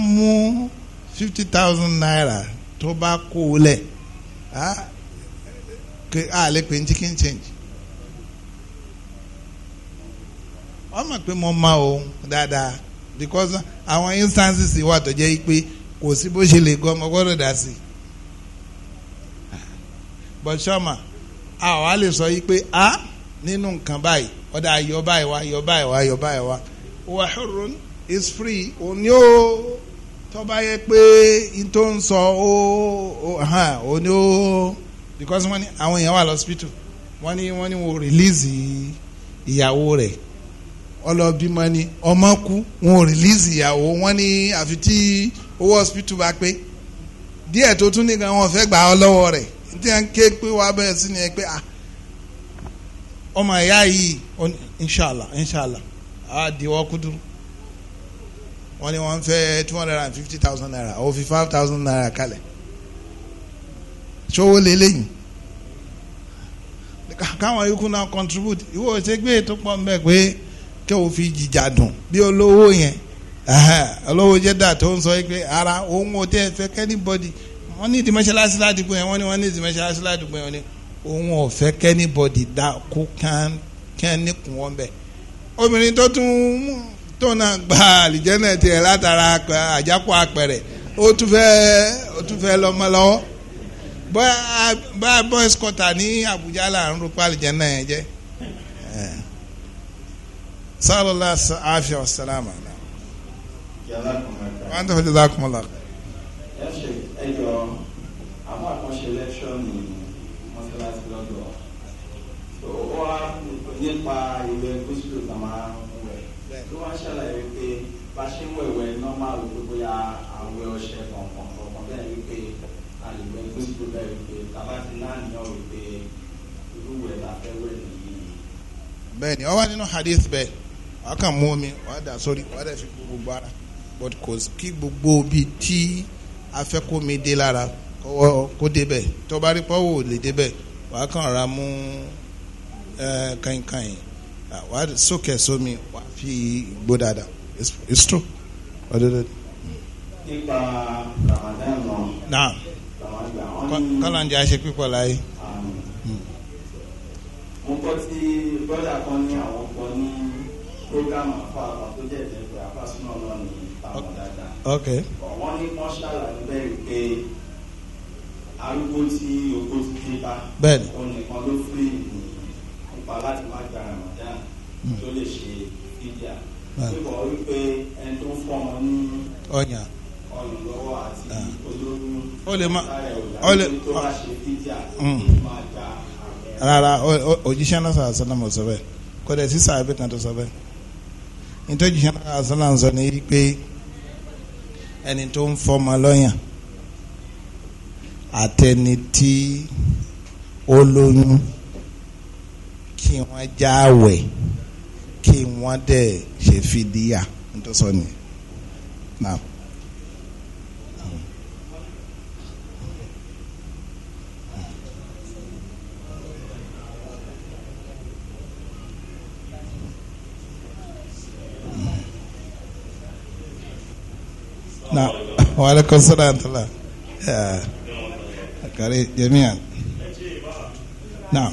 naira tó bá kó o lẹ̀ á change. wọ́n mọ̀ pé mo ma dáadáa because àwọn instances wà tó jẹ́ pé kò sí bó ṣe but sọ́mà a lè sọ pé a nínú ọ̀dà ayọ̀ báyìí wá ayọ̀ báyìí wá ayọ̀ báyìí wá wà hurun is free òun ni ó tọ́ba yẹ pé n tó ń sọ ó òun ó because wọ́n ní àwọn èèyàn wà lọ́sípítù wọ́n ní wọ́n ní wọ́n rìlíìsì ìyàwó rẹ̀ ọlọ́bímọ ni ọmọ kú wọn ò rìlíìsì ìyàwó wọn ní àfi tí owó hospital bá pé díẹ̀ tó tún nìkan wọn fẹ́ gbà ọ lọ́wọ́ rẹ̀ tí wọ́n ké pé wọ́n abẹ́rẹ́ sí ni ẹ pé ah ọ ìyá ya yi inshallah àdìwọ́ kudu wọn ni wọn fẹ́ two hundred and fifty thousand naira ó five thousand naira kalẹ̀ ṣòwò lélẹ́yìn káwọn yòókù náà contribute ìwọ òṣègbè tó pọ̀ mbẹ́ pé kí o fi jìjà dùn bí olówó yẹn olówó jẹ́dà tó ń sọ pé ara òun ò tẹ́ fẹ́ kẹ́nìbọ́dì wọ́n ní ìdí ládùúgbò yẹn ní ní ládùúgbò yẹn ní òun ò kẹ́nìbọ̀dì dá kó kẹ́nìkùn wọn bẹ̀ obìnrin tó tún tó náà gba àlìjẹ́nà tiẹ̀ látara àjápọ̀ àpẹrẹ ó tún fẹ́ ó tún fẹ́ lọ́mọ lọ́wọ́ bá ní Àbújá là ń àlìjẹ́nà yẹn jẹ́ àfíà ọ̀sálàmà ẹ ṣe ẹ jọ àwọn tó wá nípa ìwẹ̀ gúúsù náà máa ń wẹ̀ tó wá ṣàlàyé pé bá ṣe ń wẹ̀wẹ̀ nọ́mà gbogbo ya àwẹ̀ ọṣẹ kọ̀ọ̀kan kọ̀ọ̀kan bẹ́ẹ̀ wípé àlùwẹ̀ gúúsù bẹ́ẹ̀ wípé tábà ti láàníyàn wípé irúwẹ̀ la fẹ́ wẹ̀ nìyí. bẹ́ẹ̀ ni ó wà nínú hadith bẹ́ẹ̀ wàá kàn mú omi wàá dà sórí wàá dà fi gbogbo ara but kò kí gbogbo bíi tí afẹ́kọ́mi dé lára kó débẹ̀ tó bá rí pọ́wọ́ ò lè débẹ̀ wàá kàn ra mú. Mu kàìnkàìn ah, wà á sókè sómi wà á fi gbó dáadáa it's true. nípa ramadan náà. naam kọ́lá àṣẹ pípọ̀ láyé. Hmm. mo gbọ́ tí bọ́dà kan ní àwọn kan ní programu afa kan tó jẹ́ ìdẹ́gbẹ́ afa náà ní àwọn dáadáa. okay. ní wọ́n ṣàlàyé pé arúgbó tí ogójì dé bá. bẹ́ẹ̀ni. òun ló fún ìlú. nípa láti má gba hmm. tó lè ṣe fídíà síbọ̀ wípé ẹni tó fọ́ ọmọ ní ọyàn ọyàn lọ́wọ́ àti ah. olóyún ọlẹ́ tó bá ṣe fídíà hmm. má rárá òjíṣẹ́ náà sọ bẹ́ẹ̀ sísà kan tó sọ bẹ́ẹ̀ náà sọ ní pé ẹni tó ń àtẹni tí ó lóyún. kí wọ́n jáwẹ̀ kí wọ́n dẹ̀ ṣe fìdíyà nítorí sọ ni. Now. na waalaikum salaam tala kare jami'an na'am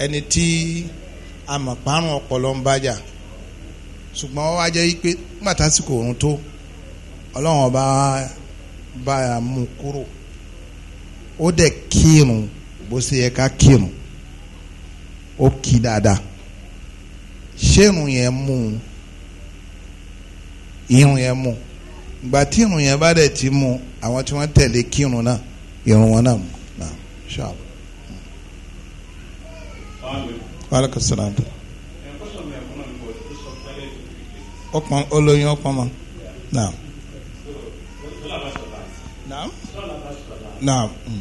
ẹni tí amọ̀párùn ọpọlọ ń bájà ṣùgbọ́n wọ́n wá jẹ́ pé nígbà tásìkò òun tó ọlọ́run ọba bá a mú kúrò ó dẹ̀ kírun bó ṣe yẹ ká kírun ó kí dáadáa ṣérun yẹn mú un irun yẹn mú un ìgbà tí irun yẹn bá dẹ̀ ti mú un àwọn tí wọ́n tẹ̀lé kírun náà irun wọn náà mú un náà ṣáà. waaleykum salaam. ọkpọn olóyin ọkpọn ma naam naam naam. Hmm.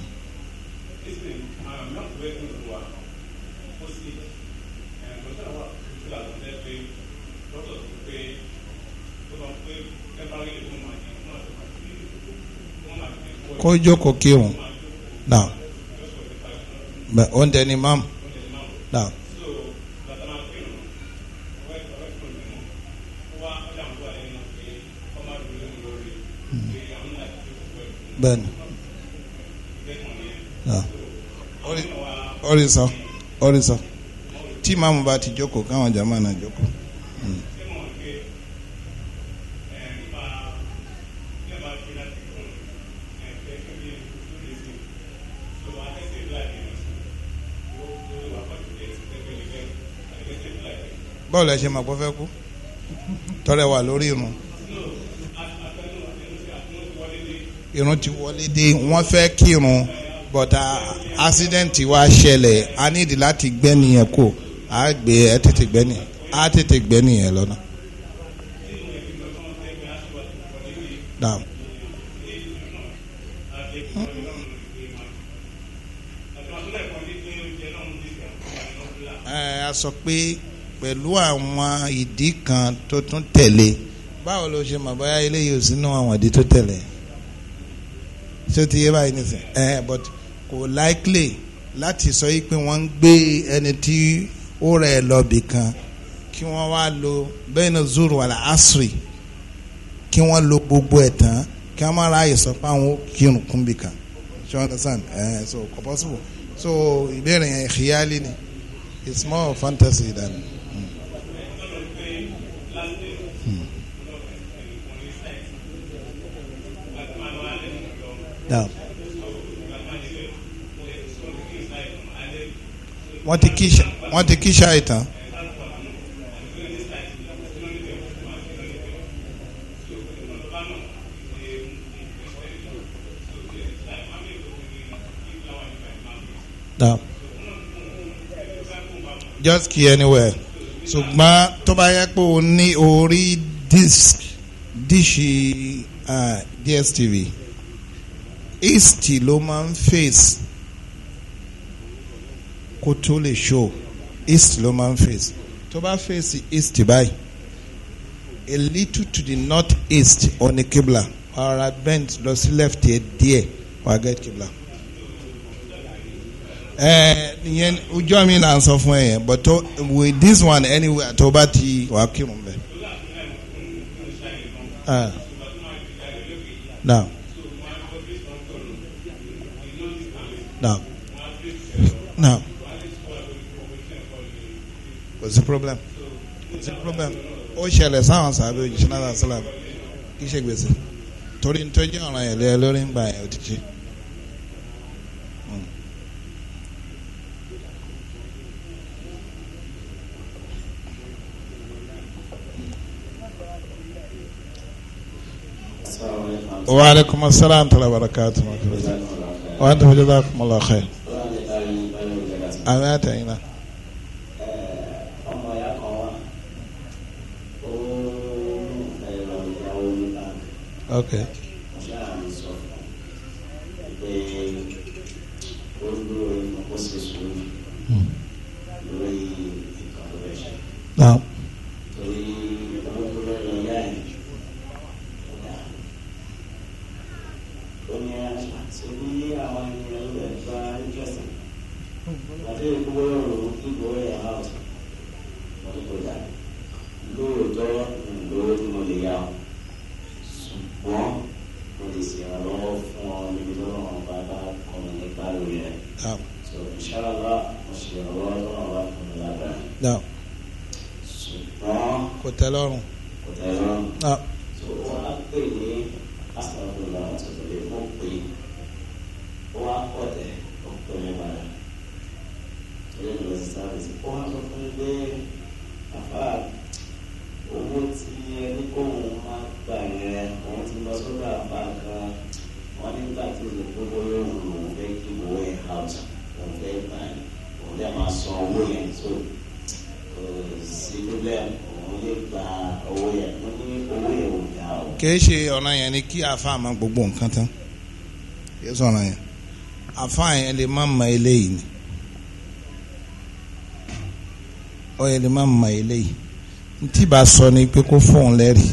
kó jókòó kírun naam bẹ ọ̀ ń tẹ ni náà. Hmm. bẹ́ẹ̀ni ọrẹ sọ ọrẹ sọ tí màmú bá ti jókòó káwọn jàmá jókòó. Hmm. báwo lẹ ṣe mọ̀ pé ó fẹ́ kú tọrẹ wà lórí irun irun ti wọlé dé wọ́n fẹ́ kírun but uh, accident wa ṣẹlẹ̀ a nídìí láti gbẹ́ni yẹn kó a gbé ẹ tètè gbẹ́ni a tètè gbẹ́ni yẹn lọ́nà. Naam. Hmm? ẹ eh, a sọ pé pẹ̀lú àwọn ìdí kan tó tún tẹ̀lé báwo ló ṣe mọ̀ bóyá eléyìí ò sínú àwọn ìdí tó tẹ̀lé ṣé ti yé báyìí nìsín but kò likely láti sọ yìí pé wọ́n ń gbé ẹni tí ó rẹ̀ lọ bì kan kí wọ́n wá lo bẹ́ẹ̀ni zuru wàlà asri kí wọ́n lo gbogbo ẹ̀ tán kí wọ́n má ráàyè sọ pé àwọn kírun kún bì ṣé wọ́n understand ẹ so kò possible so ìbéèrè yẹn ìhìyálí ni it's more fantasy than. Naam. wọ́n ti kí wọ́n ti kí ṣáì tán. just key anywhere ṣùgbọ́n tó bá yẹ pé o ní orí disc díṣì uh, DSTV east ló máa ń face kó tó lè show east ló máa ń face tó bá face east báyìí a little to the north east the kibla ọ̀rá bend lọ sí left ẹ̀ díẹ̀ wàá get kibla ìyẹn ojú mi là ń sọ fún ẹ yẹn but to, with this one anyway tó bá ti wàá kírun bẹ. Ah. now. naam naam What's the problem What's the problem O ṣẹlẹ̀ sáwọn sàbẹ̀ òjijì náà sàlám kì í ṣe gbèsè torí nítorí ọ̀ràn yẹn lé lórí ń gbà yẹn òjijì. wa alaikum assalam wa rahmatullahi wa barakatuh وأنت في جزاكم الله خير أمات أين نعم Afa mọ gbogbo nǹkan tán yóò sọ̀rọ̀ yẹn àfa yẹn lè má mọ eléyìí ni ó yẹ lè má mọ eléyìí ntí bá sọ ni pé kó fóun lẹ́rìí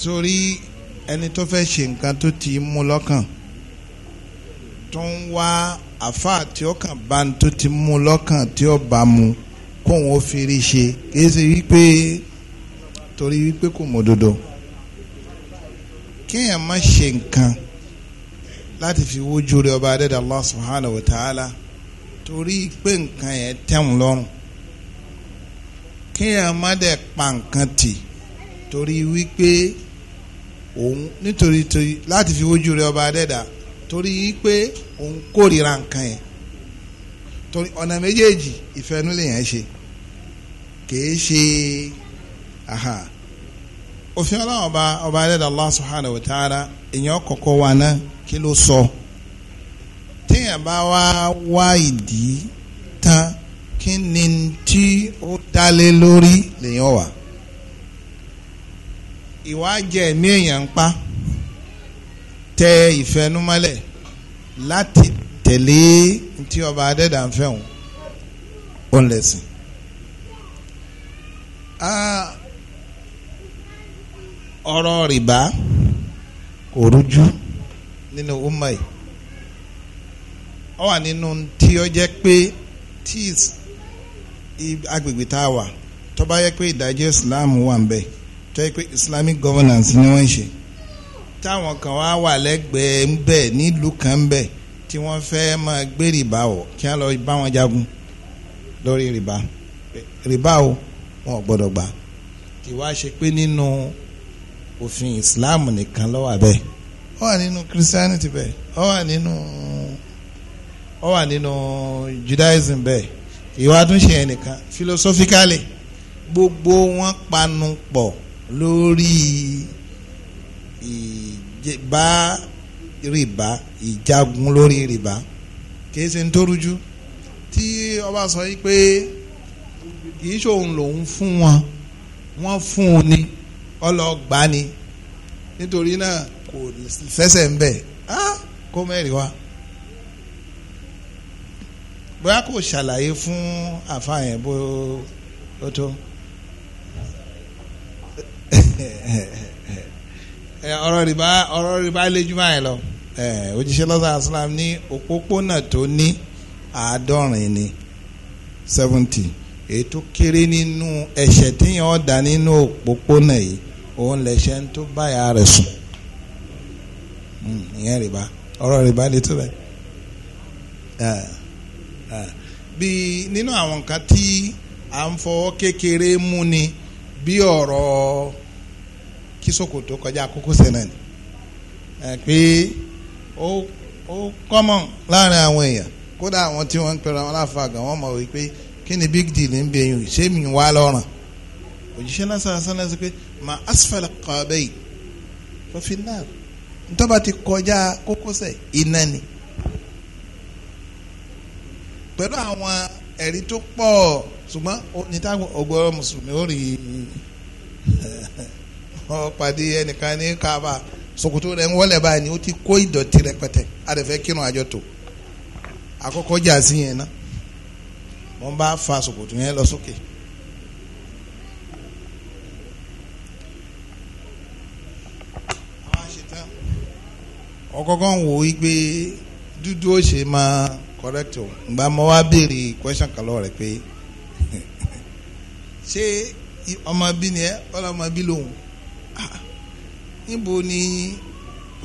torí ẹni tó fẹ́ ṣe nǹkan tó ti mú lọ́kàn tó ń wá àfa tí ó kàn bá ń tó ti mú lọ́kàn tí ó bá mu kóun ó fi rí ṣe kì í ṣe wípé torí wípé kò mọ̀ dodo kéèyàn má ṣe nǹkan láti fi wójú rẹ ọba adẹ́dàá Allah subhanahu wa ta'ala torí pé nǹkan yẹn tẹ̀wọ̀n lọ́rùn kéèyàn má dẹ̀ pa nǹkan tì torí wípé òun nítorí torí láti fi wójú rẹ ọba adẹ́dàá torí wípé òun kórìíra nǹkan yẹn torí ọ̀nà méjèèjì ìfẹ́nú lèèyàn ṣe kìí ṣe aha. òfin ọlọ́run ọba ọba ẹlẹ́dàá Allah subhanahu wa èèyàn kọ̀kọ́ wa náà kí ló sọ téèyàn bá wá wá ìdí tán kí ni tí ó dálé lórí lèèyàn wà ìwádìí ẹ̀mí èèyàn ń pa tẹ ìfẹnumọ́lẹ̀ láti tẹ̀lé tí ọba adẹ́dà ń fẹ́ wọn ọ̀rọ̀ rìbá kò rújú nínú umma yìí ó wà nínú tí ó jẹ́ pé tí agbègbè tá a wà tó bá yẹ pé ìdájọ́ Islam wà ń bẹ̀ tó yẹ pé Islamic governance ni wọ́n ń ṣe táwọn kan wá wà lẹ́gbẹ̀ẹ́ ń bẹ̀ nílùú kan ń bẹ̀ tí wọ́n fẹ́ máa gbé rìbá wọ̀ kí wọ́n lọ bá wọn jagun lórí rìbá rìbá o wọn ò gbọ́dọ̀ gbà kì wá ṣe pé nínú. No òfin islam nìkan ló wà bẹ́ẹ̀ ó wà nínú christianity bẹ́ẹ̀ ó wà nínú ó wà nínú judaism bẹ́ẹ̀ ìwádùnṣe ẹnìkan philosophically gbogbo wọn panu pọ̀ lórí ìjẹba rìbá ìjagun lórí rìbá kìí ṣe ń tórujú tí ọba sọ yìí pé kìí ṣòun lòun fún wọn wọn fún un ni ọlọ́gbà ni nítorí náà kò sẹ́sẹ̀ ń bẹ̀ kó mẹ́rin wá bóyá kò ṣàlàyé fún àfààyàn bó ó tó ọ̀rọ̀ rìbá ọ̀rọ̀ rìbá léjú báyìí lọ òjíṣẹ́ lọ́sàn aslam ní òpópónà tó ní àádọ́rin ní seventy ètò kéré nínú ẹ̀ṣẹ̀ tíyàn ọ̀dà nínú òpópónà yìí òun lẹ̀ṣẹ̀ ń tó báyà rẹ̀ sùn hmm, ìyẹn rìbá ọ̀rọ̀ rìbá lè tó bẹ́ẹ̀ bí nínú àwọn nǹkan tí à ń fọwọ́ kékeré mú ni bí ọ̀rọ̀ kísòkòtò kọjá kókó sẹ́nà ni pé ó ó kọ́mọ̀ láàrin àwọn èèyàn kódà àwọn tí wọ́n ń pera wọn láfa àgàn wọ́n mọ̀ wípé kí ni big deal ń bẹ yín o ṣé mi wá lọ́rùn òjíṣẹ́ lásán lásán lásán pé ma asfala qabai fọfin náà ntọ́ba ti kọjá kókósẹ̀ inani ni àwọn ẹ̀rí tó pọ̀ ṣùgbọ́n níta ọgbọ́n mùsùlùmí ó rí ọ pàdé ẹnìkan ní báyìí ni ti kó a lè wọ́n bá fa sòkòtò yẹn lọ sókè. ọkọ̀ọ̀kan wò ó gbé dúdú ó ṣe máa correct o ìgbà mo wá béèrè question kan lọ́wọ́ rẹ̀ pé ṣé ọmọ bí ni ẹ ọlọ́ ọmọ bí ah, ni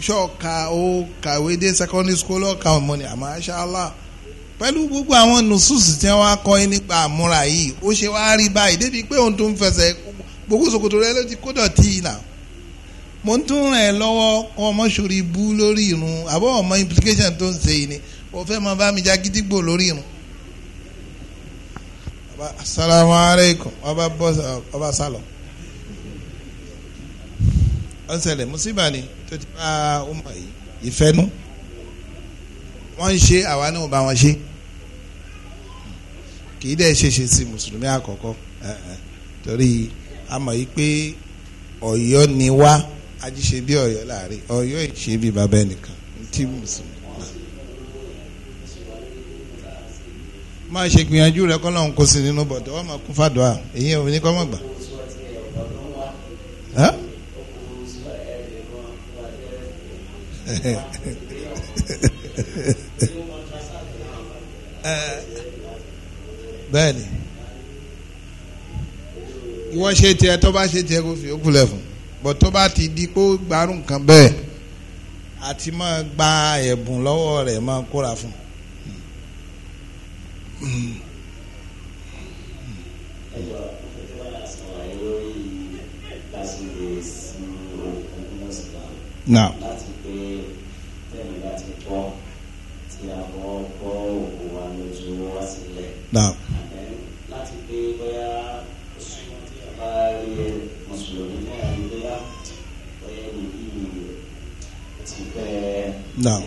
ṣọ́ọ̀ka ó kàwé dé secondary school ọ̀ka ọmọ ah, pẹ̀lú gbogbo àwọn nùsùsù tí wọ́n á kọ́ ẹ nípa àmúra yìí ó ṣe wá rí báyìí débi pé òun tó ń fẹsẹ̀ gbogbo ṣòkòtò rẹ ló ti kó dọ̀tí ìlà mo ń tún ràn ẹ́ lọ́wọ́ kọ́ ọmọ ṣòrí bú lórí irun àbọ̀ ọmọ implication tó ń ṣe yìí ni o fẹ́ máa bá mi já gídígbò lórí irun. asalaamu aleykum ọba bọ́ ọba sálọ. ọ̀sẹ̀lẹ̀ musiba ni tó ti bá ọmọ yìí ìfẹ́ nu wọ́n ń ṣe àwa náà bá wọn ṣe kì í dẹ̀ ṣeṣe sí mùsùlùmí àkọ́kọ́ torí a mọ̀ yí pé ọ̀yọ́ ni wá ajíṣe bí ọ̀yọ́ láàrin ọ̀yọ́ ìṣe bí bàbá ẹnìkan tí mùsùlùmí. máa ṣe gbìyànjú rẹ kọ́nà ń kó sí nínú bọ̀dọ̀ wọ́n máa kún fàdùà èyí ò ní kọ́ mọ̀ gbà. ẹ bẹ́ẹ̀ni ìwọ ṣe tiẹ̀ tó bá ṣe tiẹ̀ kó fi ó kulẹ̀ fún bọ̀ tó bá ti di kó gbárùn kan bẹ́ẹ̀ àti máa gba ẹ̀bùn lọ́wọ́ rẹ̀ máa kóra fún. Now now. bẹ́ẹ̀ni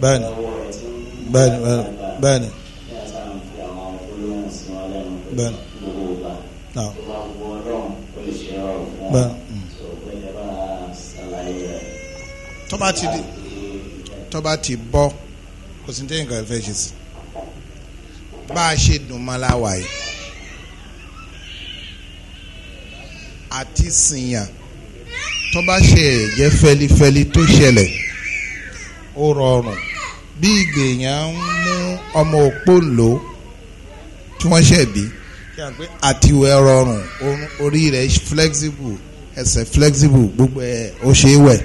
bẹ́ẹ̀ni bẹ́ẹ̀ni bẹ́ẹ̀ni tọ́ba ti di tọ́ba ti bọ́ kò sí ní tẹ́yìn kan fẹ́ ṣe sí bá a ṣe dùn mọ́ láwa yìí àti sìyàn tọ́ba ṣe ẹ̀jẹ̀ fẹ́lifẹ́li tó ṣẹlẹ̀ ó rọrùn bí ìgbèyàn ń mú ọmọ òpó lò tí wọ́n ṣẹ̀ bí àtiwẹ̀ rọrùn orí rẹ̀ flexible ẹsẹ̀ flexible gbogbo ẹ̀ ó ṣe é wẹ̀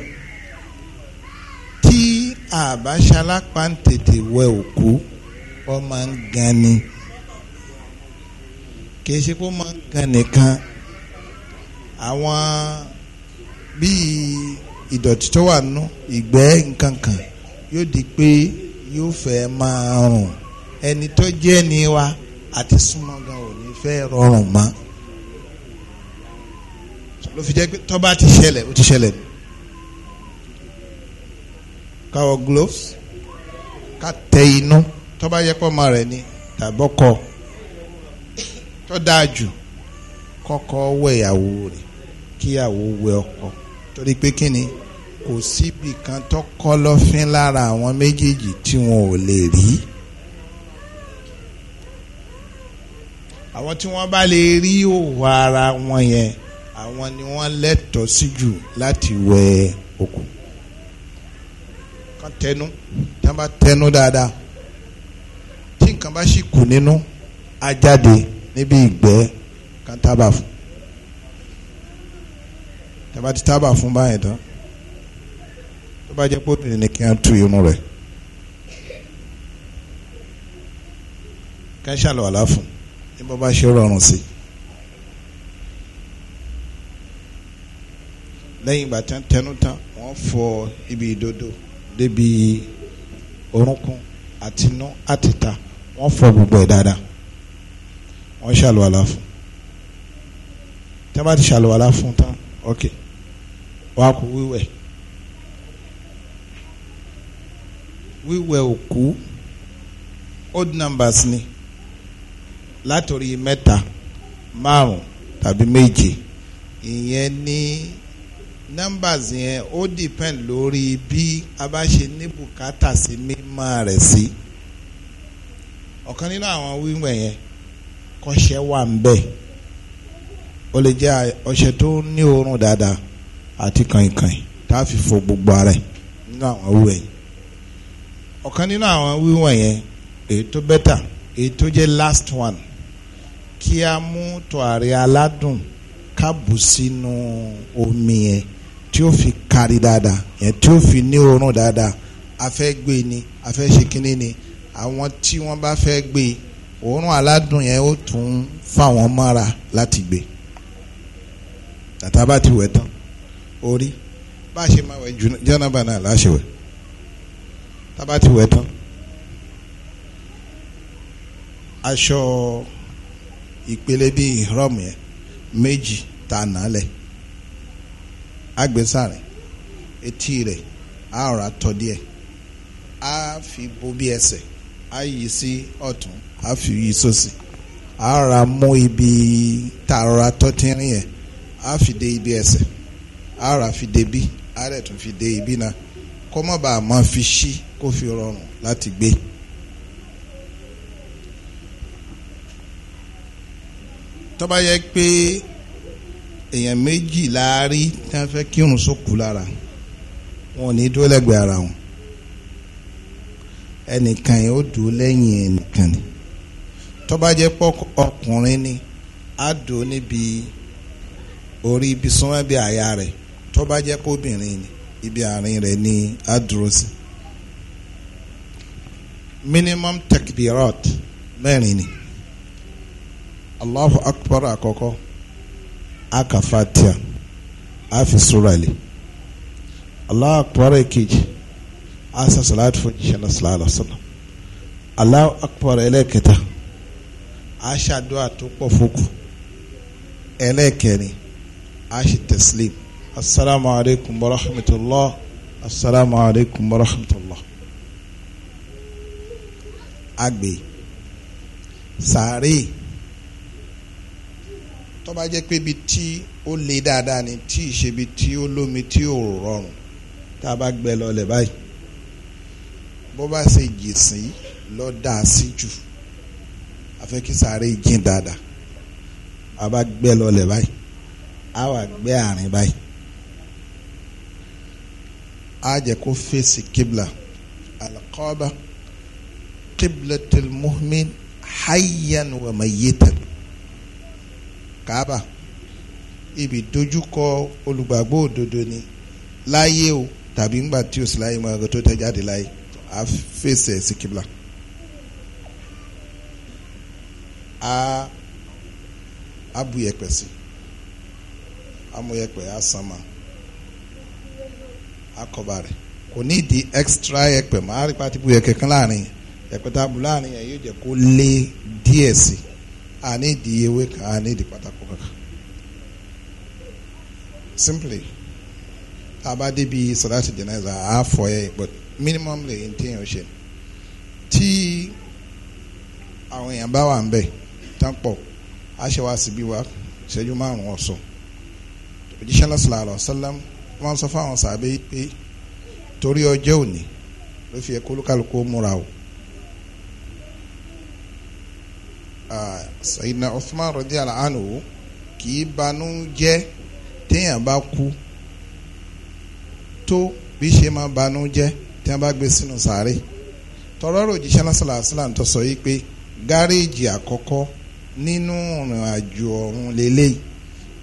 tí àbáṣalápá ń tètè wẹ òkú wọ́n máa ń gan ni kìí ṣe kó máa ń gan nìkan àwọn bíi ìdọ̀tí tó wà nù ìgbẹ́ nǹkan yóò di pé yóò fẹ́ máa rùn ẹni tó jẹ́ ni wa àti súnmọ́ gan ò ní fẹ́ rọrùn mọ́ ló fi jẹ́ pé tó ti ṣẹlẹ̀ ó ti ṣẹlẹ̀ ni ká wọ gloves ká tẹ inú tó bá yẹ pọ́ ọmọ rẹ̀ ni tàbọ́kọ tó dáa jù kọ́kọ́ wẹ̀ ìyàwó rẹ̀ kíyàwó wẹ̀ ọkọ torí pé kí ni kò síbi kan tó kọ́lọ́fín lára àwọn méjèèjì tí wọn ò lè rí. àwọn tí wọ́n bá lè rí òwò ara wọn yẹn àwọn ni wọ́n lẹ́tọ̀ọ́ sí jù láti wẹ òkú. kan tẹnu tí wọ́n bá tẹnu dáadáa tí nǹkan bá sì kù nínú á jáde níbi ìgbẹ́ kan tábà fún. tí wọ́n bá ti tábà fún báyìí tán bá jẹ́ pé obìnrin ni kí á tú irun rẹ̀ ká ṣàlùwàlá fún ní bó bá ṣe rọrùn sí. lẹ́yìn ìgbà tán tẹnu tán wọ́n fọ ibi ìdodo débi orúnkún àtinú àtìta wọ́n fọ gbogbo ẹ̀ dáadáa wọ́n ṣàlùwàlá fún tẹ́ bá ti ṣàlùwàlá fún tán ok wọ́n á kú wíwẹ̀. wíwẹ̀ òkú odd numbers ni látòrí mẹ́ta márùn tàbí méje ìyẹn ní numbers yẹn ó depend lórí bí a bá ṣe ní bùkátà sí mímọ́ rẹ̀ sí ọ̀kan nínú àwọn wíwẹ̀ yẹn kọ́ṣẹ́ wà ń bẹ̀ ó lè jẹ́ ọṣẹ tó ní òórùn dáadáa àti kàìnkàìn tá a fi fọ gbogbo ara ẹ̀ nínú àwọn wíwẹ̀ yẹn ọ̀kan nínú àwọn wíwọ̀n yẹn èyí tó bẹ́tà èyí tó jẹ́ last one kí a mú tọ̀àrí aládùn kábù sínú omi yẹn tí ó fi kárí dáadáa yẹn tí ó fi ní òórùn dáadáa a fẹ́ gbé e ni a fẹ́ ṣe kínní ni àwọn tí wọ́n bá fẹ́ gbé òórùn e, aládùn yẹn ó tún fáwọn mọ́ra láti gbé tàtà e. bá ti wẹ̀ tán orí bá a ṣe máa wẹ̀ jù jẹ́nàbà náà láṣẹ wẹ̀. tábà ti wẹ̀ tán aṣọ ìpele bíi ihram yẹn méjì ta a nà á lẹ̀ agbésàrẹ̀ etí rẹ̀ á rà tọ́ díẹ̀ fi bo bí ẹsẹ̀ a yí sí ọ̀tún a fi yí sósì á rà mú ibi tààrà tọ́tínrín yẹn a fi de ibi ẹsẹ̀ a rà fi de bí a rẹ̀ tún fi de ibi náà kọ́mọ́bà máa fi ṣí. Si kó fi rọrùn láti gbé. tó bá yẹ pé èèyàn méjì láàárí tí wọ́n fẹ́ kírun sókù lára wọn ò ní dúró lẹ́gbẹ̀ẹ́ ara wọn ẹnìkan yẹn ó dúró lẹ́yìn ẹnìkan ni tó jẹ́ pọ́ ọkùnrin ni á dúró níbi orí ibi sọ́wọ́n bí àyà rẹ̀ tó jẹ́ pọ́ obìnrin ni ibi àárín rẹ̀ ni á dúró sí minimum takbirat mẹ́rin ni allahu akbar àkọ́kọ́ aka fatia afi surali allahu akbar èkejì asa salatu fún jisana sallallahu alaihi wa sallam allahu akbar ẹlẹ́kẹta aṣáájú tó pọ̀ fókù ẹlẹ́kẹrin aṣi taslim asalaamualeykum wa rahmatulah asalaamualeykum wa rahmatulah àgbè sàárè tó bá jẹ́ pé ibi tí ó le dáadáa ni tí ìṣebi tí ó lómi tí ò rọrùn tá a bá gbẹ́ lọlẹ̀ báyìí bó bá ṣe jì sí lọ dá a sí jù a kí sàárè jìn dáadáa a bá gbẹ́ lọlẹ̀ báyìí a wà gbẹ́ àárín báyìí a jẹ́ kó fèsì kíbla alakọ́ba. قبلة المؤمن hayyan wa mayyitan kaaba ibi dojúkọ olùgbàgbọ́ òdodo ni láyé o tàbí ńgbà tí o sì láyé mọ́ ẹ̀rọ tó tẹ̀ jáde láyé a fèsì ẹ̀ sí a a bu yẹ̀pẹ̀ sí a mú yẹ̀pẹ̀ a san ma a kọba rẹ̀ kò ní ìdí extra yẹ̀pẹ̀ mọ́ a rí pa ti bu yẹ̀pẹ̀ kan láàrin yẹn ẹ̀pẹ̀tà bù láàrin yẹn yóò jẹ́ kó lé díẹ̀ sí i àní ìdí ewé kan àní ìdí pátákó kankan simply tàbá débi sọ̀dáṣì jẹ̀nẹ́sà á fọ ẹ̀ but minimum lè ń tẹ̀yàn ṣe tí àwọn èèyàn bá wà ń bẹ̀ tán pọ̀ á ṣe wá síbí wa ṣẹ́jú márùn-ún ọ̀sán òjíṣẹ́ lọ́sọ̀lá àlọ́ sálám wọ́n sọ fáwọn sàbẹ̀ pé torí ọjọ́ òní ló fi ẹ̀kọ́ olúkálùkù múra o Ah, Sayyidina Uthman radiyallahu anhu kì í banú jẹ́ téèyàn bá n'u tó bí ṣe máa ku to téèyàn bá gbé sínú sàárè tọrọ òjíṣẹ́ lásìlá àṣìlá tó sọ yìí pé gáréèjì àkọ́kọ́ nínú ìrìn àjò ọ̀run lélẹ́yìí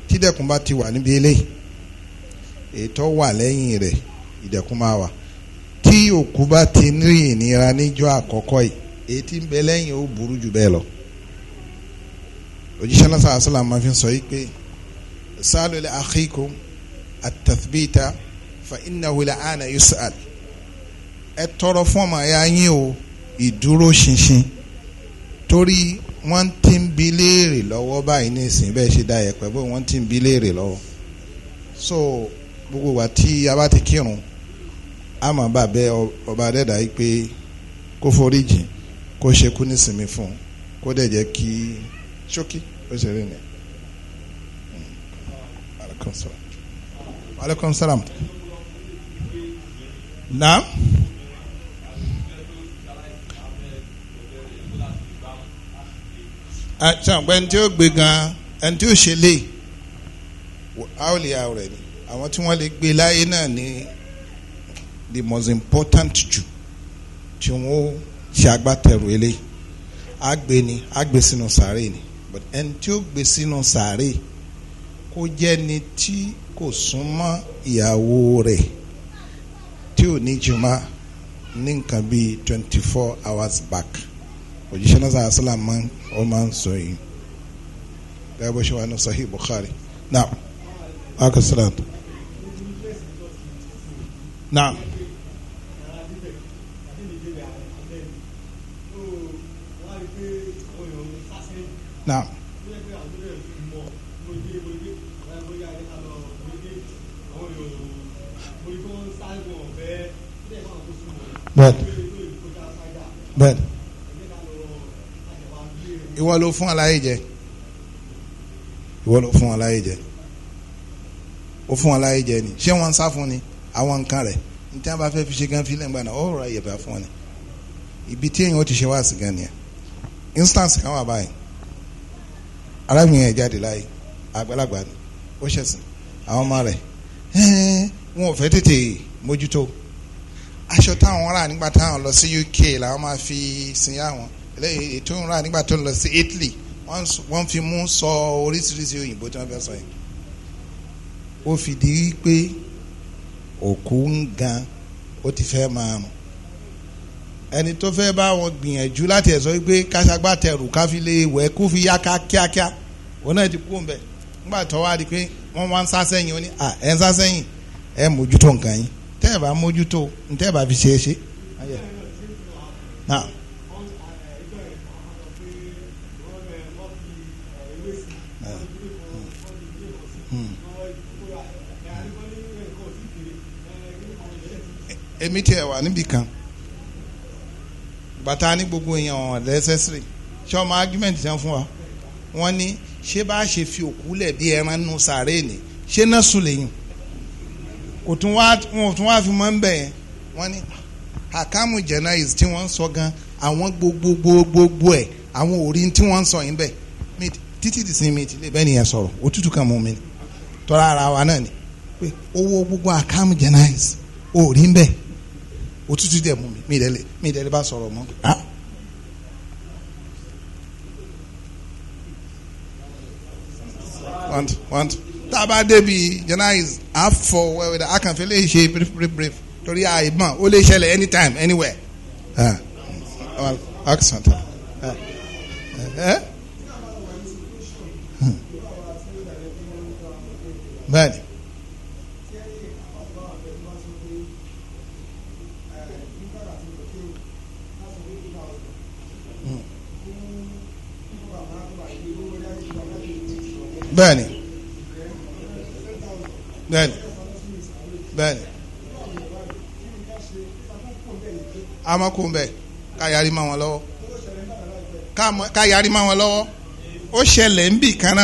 tídẹ̀kùn bá ti wà níbi eléyìí ètò wà lẹ́yìn rẹ̀ máa wà tí òkú bá ti rí ìnira níjọ́ àkọ́kọ́ yìí èyí ń bẹ ó burú jù lọ. òjíṣẹ́ náà sàlá sàlá máa fi sọ yìí pé sàlù li akhikum at-tathbita fa innahu la'ana yus'al ẹ tọrọ fún ọmọ ẹ̀yà yín o ìdúró ṣinṣin torí wọ́n ti ń bi léèrè lọ́wọ́ báyìí nísìnyí bẹ́ẹ̀ ṣe dá yẹpẹ́ bó wọ́n ti ń bi léèrè lọ́wọ́ so gbogbo wa tí a bá ti kírun a máa bá bẹ ọba adẹ́dà yìí pé kó foríjìn kó ṣekú nísìnyí fún kó dẹ̀ jẹ́ kí ṣókí ó ṣe rí ni hmm. aleykum salaam aleykum salaam naam. àtàwọn ah, ẹni tí ó gbé gan ẹni tí ó ṣe lé àwòlíyà rẹ ni àwọn tí wọ́n lè gbé láyé náà ni the most important jù tí wọ́n ṣe agbátẹrù eléyìí àgbè ni àgbè sínú sàárè ni but ẹni tí ó gbé sínú sàárè kó jẹ́ ni tí kò súnmọ́ ìyàwó rẹ̀ tí ò ní jùmá ní nǹkan bíi twenty four hours back òjíṣẹ́ náà sàrà sàlám máa ń ọ máa ń sọ yìí gẹ́gẹ́ bó ṣe wà ní Sahih Bukhari now akasalaam now. Now. But but ìwọ ló fún aláyé jẹ ìwọ ló fún aláyé jẹ ó fún aláyé jẹ ni ṣé wọn ń sá fún ni àwọn nǹkan rẹ ní tí wọn bá fẹ́ fi ṣe gan fílẹ̀ ńgbà náà ó rọra yẹ̀bà fún ọ ni ibi tí èèyàn ó ti ṣe wá sí gan nìyẹn instance kan wà báyìí arábìnrin yẹn jáde láyé àgbàlagbà ni ó ṣẹ̀sìn àwọn ọmọ rẹ̀ wọn ò fẹ́ tètè mójútó aṣọ táwọn rà nígbà táwọn lọ sí UK làwọn máa fi sin àwọn eléyìí ètò ń rà nígbà tó lọ sí Italy wọ́n fi mú sọ oríṣiríṣi òyìnbó tí wọ́n fẹ́ sọ yẹn ó fìdí pé òkú ń gan ó ti fẹ́ máa rùn ẹni tó fẹ́ bá wọn gbìyànjú láti ẹ̀ sọ wípé káságbá tẹrù káfílẹ̀ wẹ̀ kó fi yá kíákíá òun náà ti kú òun nígbà tó wá di pé wọ́n wá ń sá sẹ́yìn ó ní à ẹ̀ ń sá sẹ́yìn ẹ̀ mójútó nǹkan yín tẹ́ ẹ̀ bá mójútó tẹ́ ẹ̀ bá fi ṣe é ṣe. èmi tiẹ̀ wà kan bàtà ní gbogbo èèyàn ọ̀hún lẹ́sẹ̀sìrì ṣé ọmọ argument yẹn fún wa wọ́n ní ṣé bá ṣe fi òkú lẹ̀ bí ẹran nù sàárè ni ṣé náà sùn lẹ́yìn kò tún wá wọn ò tún wá fi mọ́ ń bẹ̀ yẹn wọ́n ní àkàmù jẹnáìs tí wọ́n ń sọ gan àwọn gbogbogbogbogbò ẹ̀ àwọn òrí tí wọ́n ń sọ yín bẹ̀ títí di sinmi ti lè bẹ́ẹ̀ nìyẹn sọ̀rọ̀ òtútù kan mú mi ni tọ́ra ara wa náà ni pé owó gbogbo àkàmù jẹnáìs òrí ń bẹ̀ẹ́ òtútù dẹ̀ mú mi mi ìdẹ́lẹ̀ mi ìdẹ́lẹ̀ bá sọ̀rọ̀ mọ́. want want tá a bá débi jẹnáìs àfọ wẹwẹdà a kàn fi lè ṣe brief brief brief torí àìmọ̀ ó lè ṣẹlẹ̀ anytime anywhere. Hmm. bẹ́ẹ̀ni. bẹẹni bẹ́ẹ̀ni bẹ́ẹ̀ni amakun bẹ́ẹ̀ ká yarí ma wọn lọ́wọ́ ká yarí ma wọn lọ́wọ́ ó ṣẹlẹ̀ ń bì kan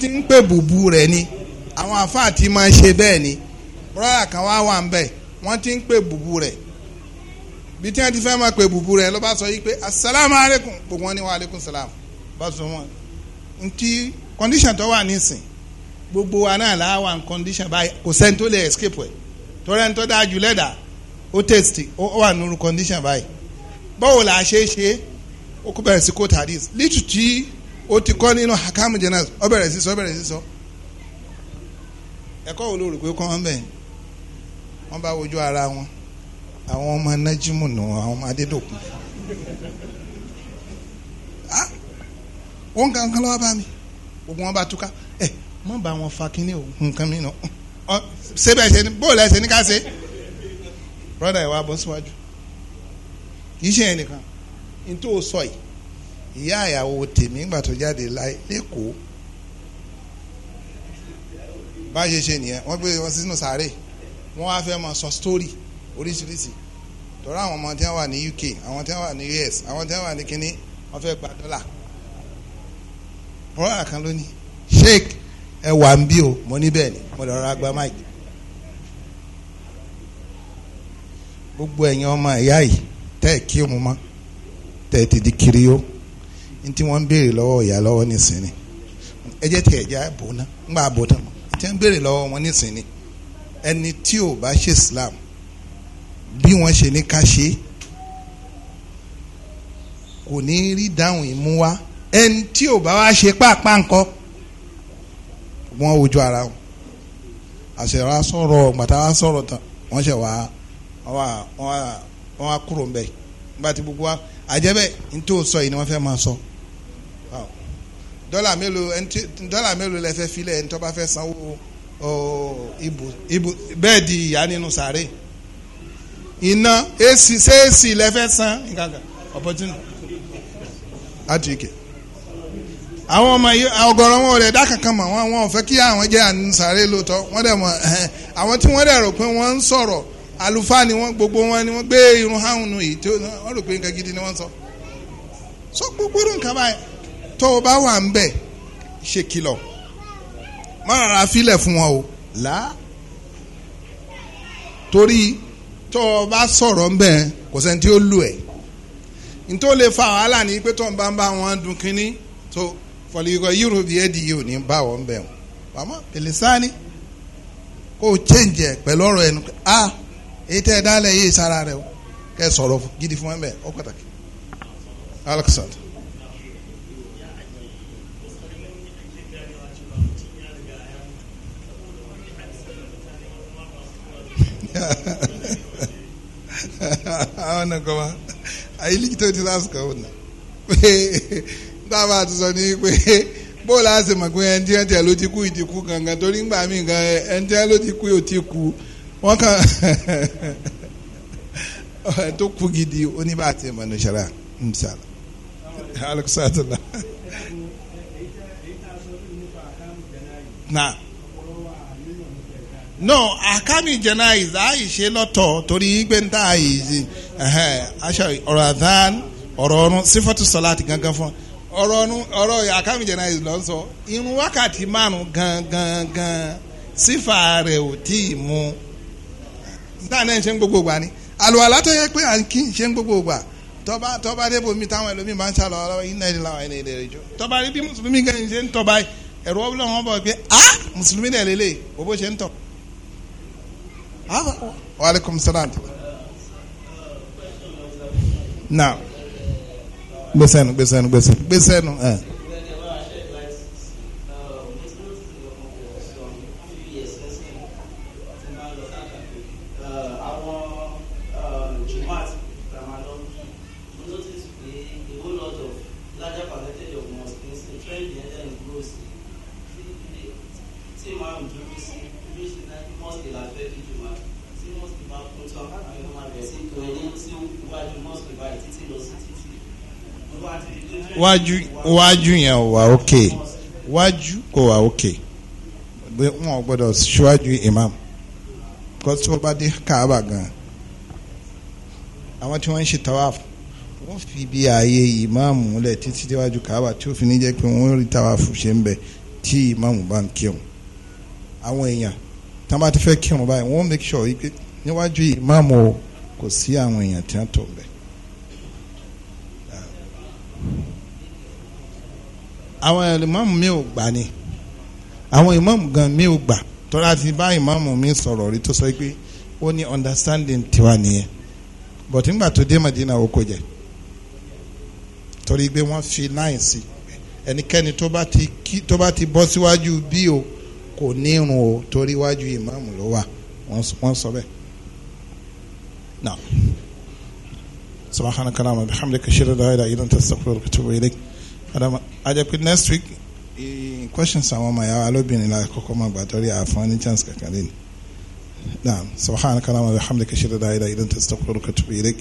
ti ń pè bùbù rẹ̀ ni àwọn àfáà ti ma ń ṣe bẹ́ẹ̀ ni brọ́dà kan wá wà ń bẹ̀ ti ń pè bùbù rẹ̀ bí tí wọ́n ti fẹ́ ma pè bùbù rẹ ló sọ yìí pé asalaamualeykum gbogbo wọn ni wa aleykum salaam bá sọ wọn ntí condition tó wà nísìn gbogbo wa náà là wà ní condition báyìí kò sẹ́ni tó lè escape ẹ̀ torí ẹni tó dáa jù lẹ́dà ó test ó wà nínú condition báyìí báwo la ṣe é ṣe ó kó bẹ̀rẹ̀ sí kó tàdís lítù tí ó ti kọ́ nínú hakamu jenas. ó bẹ̀rẹ̀ sí sọ ó bẹ̀rẹ̀ sí sọ ẹ̀kọ́ wo ló rò pé kọ́ wọn bẹ̀ wọ́n bá wojú ara wọn àwọn ọmọ nájímù nù àwọn ọmọ adédọ̀kun ó ń kankan lọ́wọ́ bá mi ògùn wọn bá túká ẹ mọ bá wọn fa kínní ògùn kan mi nà ọ sébẹ̀ ṣe ni bóòlù ẹsẹ̀ ní ká ṣe brọ́dà ìwà bọ́ síwájú kì í ṣe ẹnìkan n tó sọ yìí ìyá àyàwó tèmi ńgbà tó jáde láì lẹ́kọ̀ọ́ bá ṣe ṣe nìyẹn wọ́n gbé wọn sínú sàárè wọ́n wá fẹ́ máa sọ sítórì oríṣiríṣi tọ́ra àwọn ọmọ tí wọ́n wà ní UK àwọn tí wọ́n wà ní US àwọn tí wọ́n wà ní kínní wọ́n fẹ́ gba dọ́là ọrọ kan sheik ẹ wà ń bí o mo ní bẹ́ẹ̀ ni gbogbo ẹ̀yin ọmọ ẹ̀yá yìí tẹ kí mu mọ́ tẹ́ ẹ̀ ti di kiri ní tí wọ́n ń béèrè lọ́wọ́ ìyá lọ́wọ́ nísìnyí ẹ jẹ́ tí àbò náà ń àbò tán wọn ṣe Islam ṣe ní ká ṣe kò ní ẹni tí ò bá wá ṣe pàápàá ńkọ́ wọn ojú ara wọn àṣẹra sọ̀rọ̀ gbàtà sọ̀rọ̀ tán wọ́n ṣẹ̀ wá wọ́n wá kúrò ń nígbà tí gbogbo wa àjẹbẹ́ nítorí sọ yìí ni wọ́n fẹ́ máa sọ dọ́là mélòó dọ́là mélòó lẹ fẹ́ filẹ̀ ẹni tó bá fẹ́ sanwó ibù ibù bẹ́ẹ̀ di ìyá nínú sàárè iná èsì ṣéèsì lẹ fẹ́ san nǹkan kan opportunity àti ìkẹ́ àwọn ọmọ yìí ọ̀gọ̀rọ̀ wọn ò lè dá kankan mọ̀ wọn wọn ò fẹ́ kí àwọn jẹ́ ànsáré lóòótọ́ wọ́n dẹ̀ mọ̀ àwọn tí wọ́n dẹ̀ rò pé wọ́n ń sọ̀rọ̀ àlùfáà ni wọ́n gbogbo wọn ni wọ́n gbé irun háhùn nù yìí tí wọ́n rò pé nǹkan gidi ni wọ́n sọ. sọ gbogbo nǹkan báyìí tó o bá wà ń bẹ̀ ṣe kìlọ̀ má rárá filẹ̀ fún wọn o là torí tó o bá sọ̀rọ̀ ń bẹ̀ kò sẹ́ni tí ó lù ẹ̀ nítorí lè fa wàhálà ní pé tó ń bá ń bá wọn dun kínní tó. So, fọlíkọ yúrò bíi ẹdì yìí ò ní bá wọn bẹ̀ wọn màmá pèlésánì kó o change ẹ pẹ̀lú ọ̀rọ̀ ẹnu a ah, èyí tẹ́ ẹ dálẹ̀ yìí o kẹ́ ẹ gidi fún ẹ bẹ́ẹ̀ ọ pàtàkì alexander. a wannan kuma a yi likitoci za su kawo táwa àti sọ n'igwe pé bóòlù àti mọ̀ pé ẹni tí ẹ tẹ̀ ló ti kú ìdìkú gangan torí ńgbà mí gan ẹni tí ẹ ló ti kú yóò ti kú wọ́n kàn tó kú gidi oníbàtí mọ̀nà na no akami gangan fún wa. ọ̀rọ̀ ọ̀rọ̀ àkàmì jẹ̀nàìsì lọ sọ irun wákàtí márùn gangan gan sífà rẹ̀ ò tí ì mu náà náà ṣe ń gbogbo gbà ni àlùwàlá tó yẹ pé à ń kí ṣe ń gbogbo gbà tọ́ba tọ́ba dé bomi táwọn ẹlòmíì máa ń ṣàlọ́ ọlọ́wọ́ iná ìdí làwọn ẹni ìdẹ̀rẹ̀ jọ tọ́ba rí bí mùsùlùmí gan ṣe ń ẹ̀rọ ọ̀bùnà wọn gbèsè nu gbèsè nu é. wájú wájú yẹn ò wà òkè wájú kò wà òkè wọn ò ṣíwájú imam kó tó bá dé káàbà gan àwọn tí wọ́n ń ṣe tawaf wọ́n fi bí ààyè ìmáàmù lẹ̀ títí déwájú káàbà tí ó fi ní jẹ́ pé wọ́n rí tawaf ṣe ń bẹ̀ tí ìmáàmù bá ń kírun àwọn èèyàn tí wọ́n bá ti fẹ́ kírun báyìí wọ́n make sure wípé níwájú ìmáàmù o kò sí àwọn èèyàn tí wọ́n tó ń bẹ̀ àwọn ìmáàmù mi ò gbà ni àwọn ìmáàmù gan mi ò gbà tọ́lá ti bá ìmáàmù mi sọ̀rọ̀ rí tó sọ pé ó ní understanding tiwa nìyẹn but nígbà tó dé Madina ó kò jẹ torí pé wọ́n fi láì sí ẹnikẹ́ni tó bá ti kí tó bá ti bọ́ síwájú bí o kò ní irun o torí wájú ìmáàmù ló wà wọ́n sọ bẹ́ẹ̀. سبحانك اللهم وبحمدك اشهد ان لا اله الا انت استغفرك واتوب اليك I just put next week eh, questions àwọn ọmọ yàrá lóbìnrin la kọ́kọ́ máa gbà torí àfọ̀n ní chance kankan lé ní. naam subhanaka allahumma wa bihamdika ashhadu an la ilaha illa anta astaghfiruka wa atubu ilayk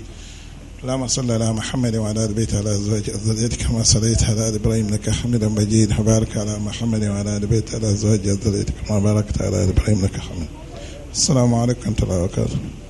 اللهم صل على محمد وعلى ال بيت على ازواج ذريتك كما صليت على ال ابراهيم انك حميد مجيد وبارك على محمد وعلى ال بيت على ازواج ذريتك كما باركت على ال ابراهيم انك حميد السلام عليكم ورحمه الله وبركاته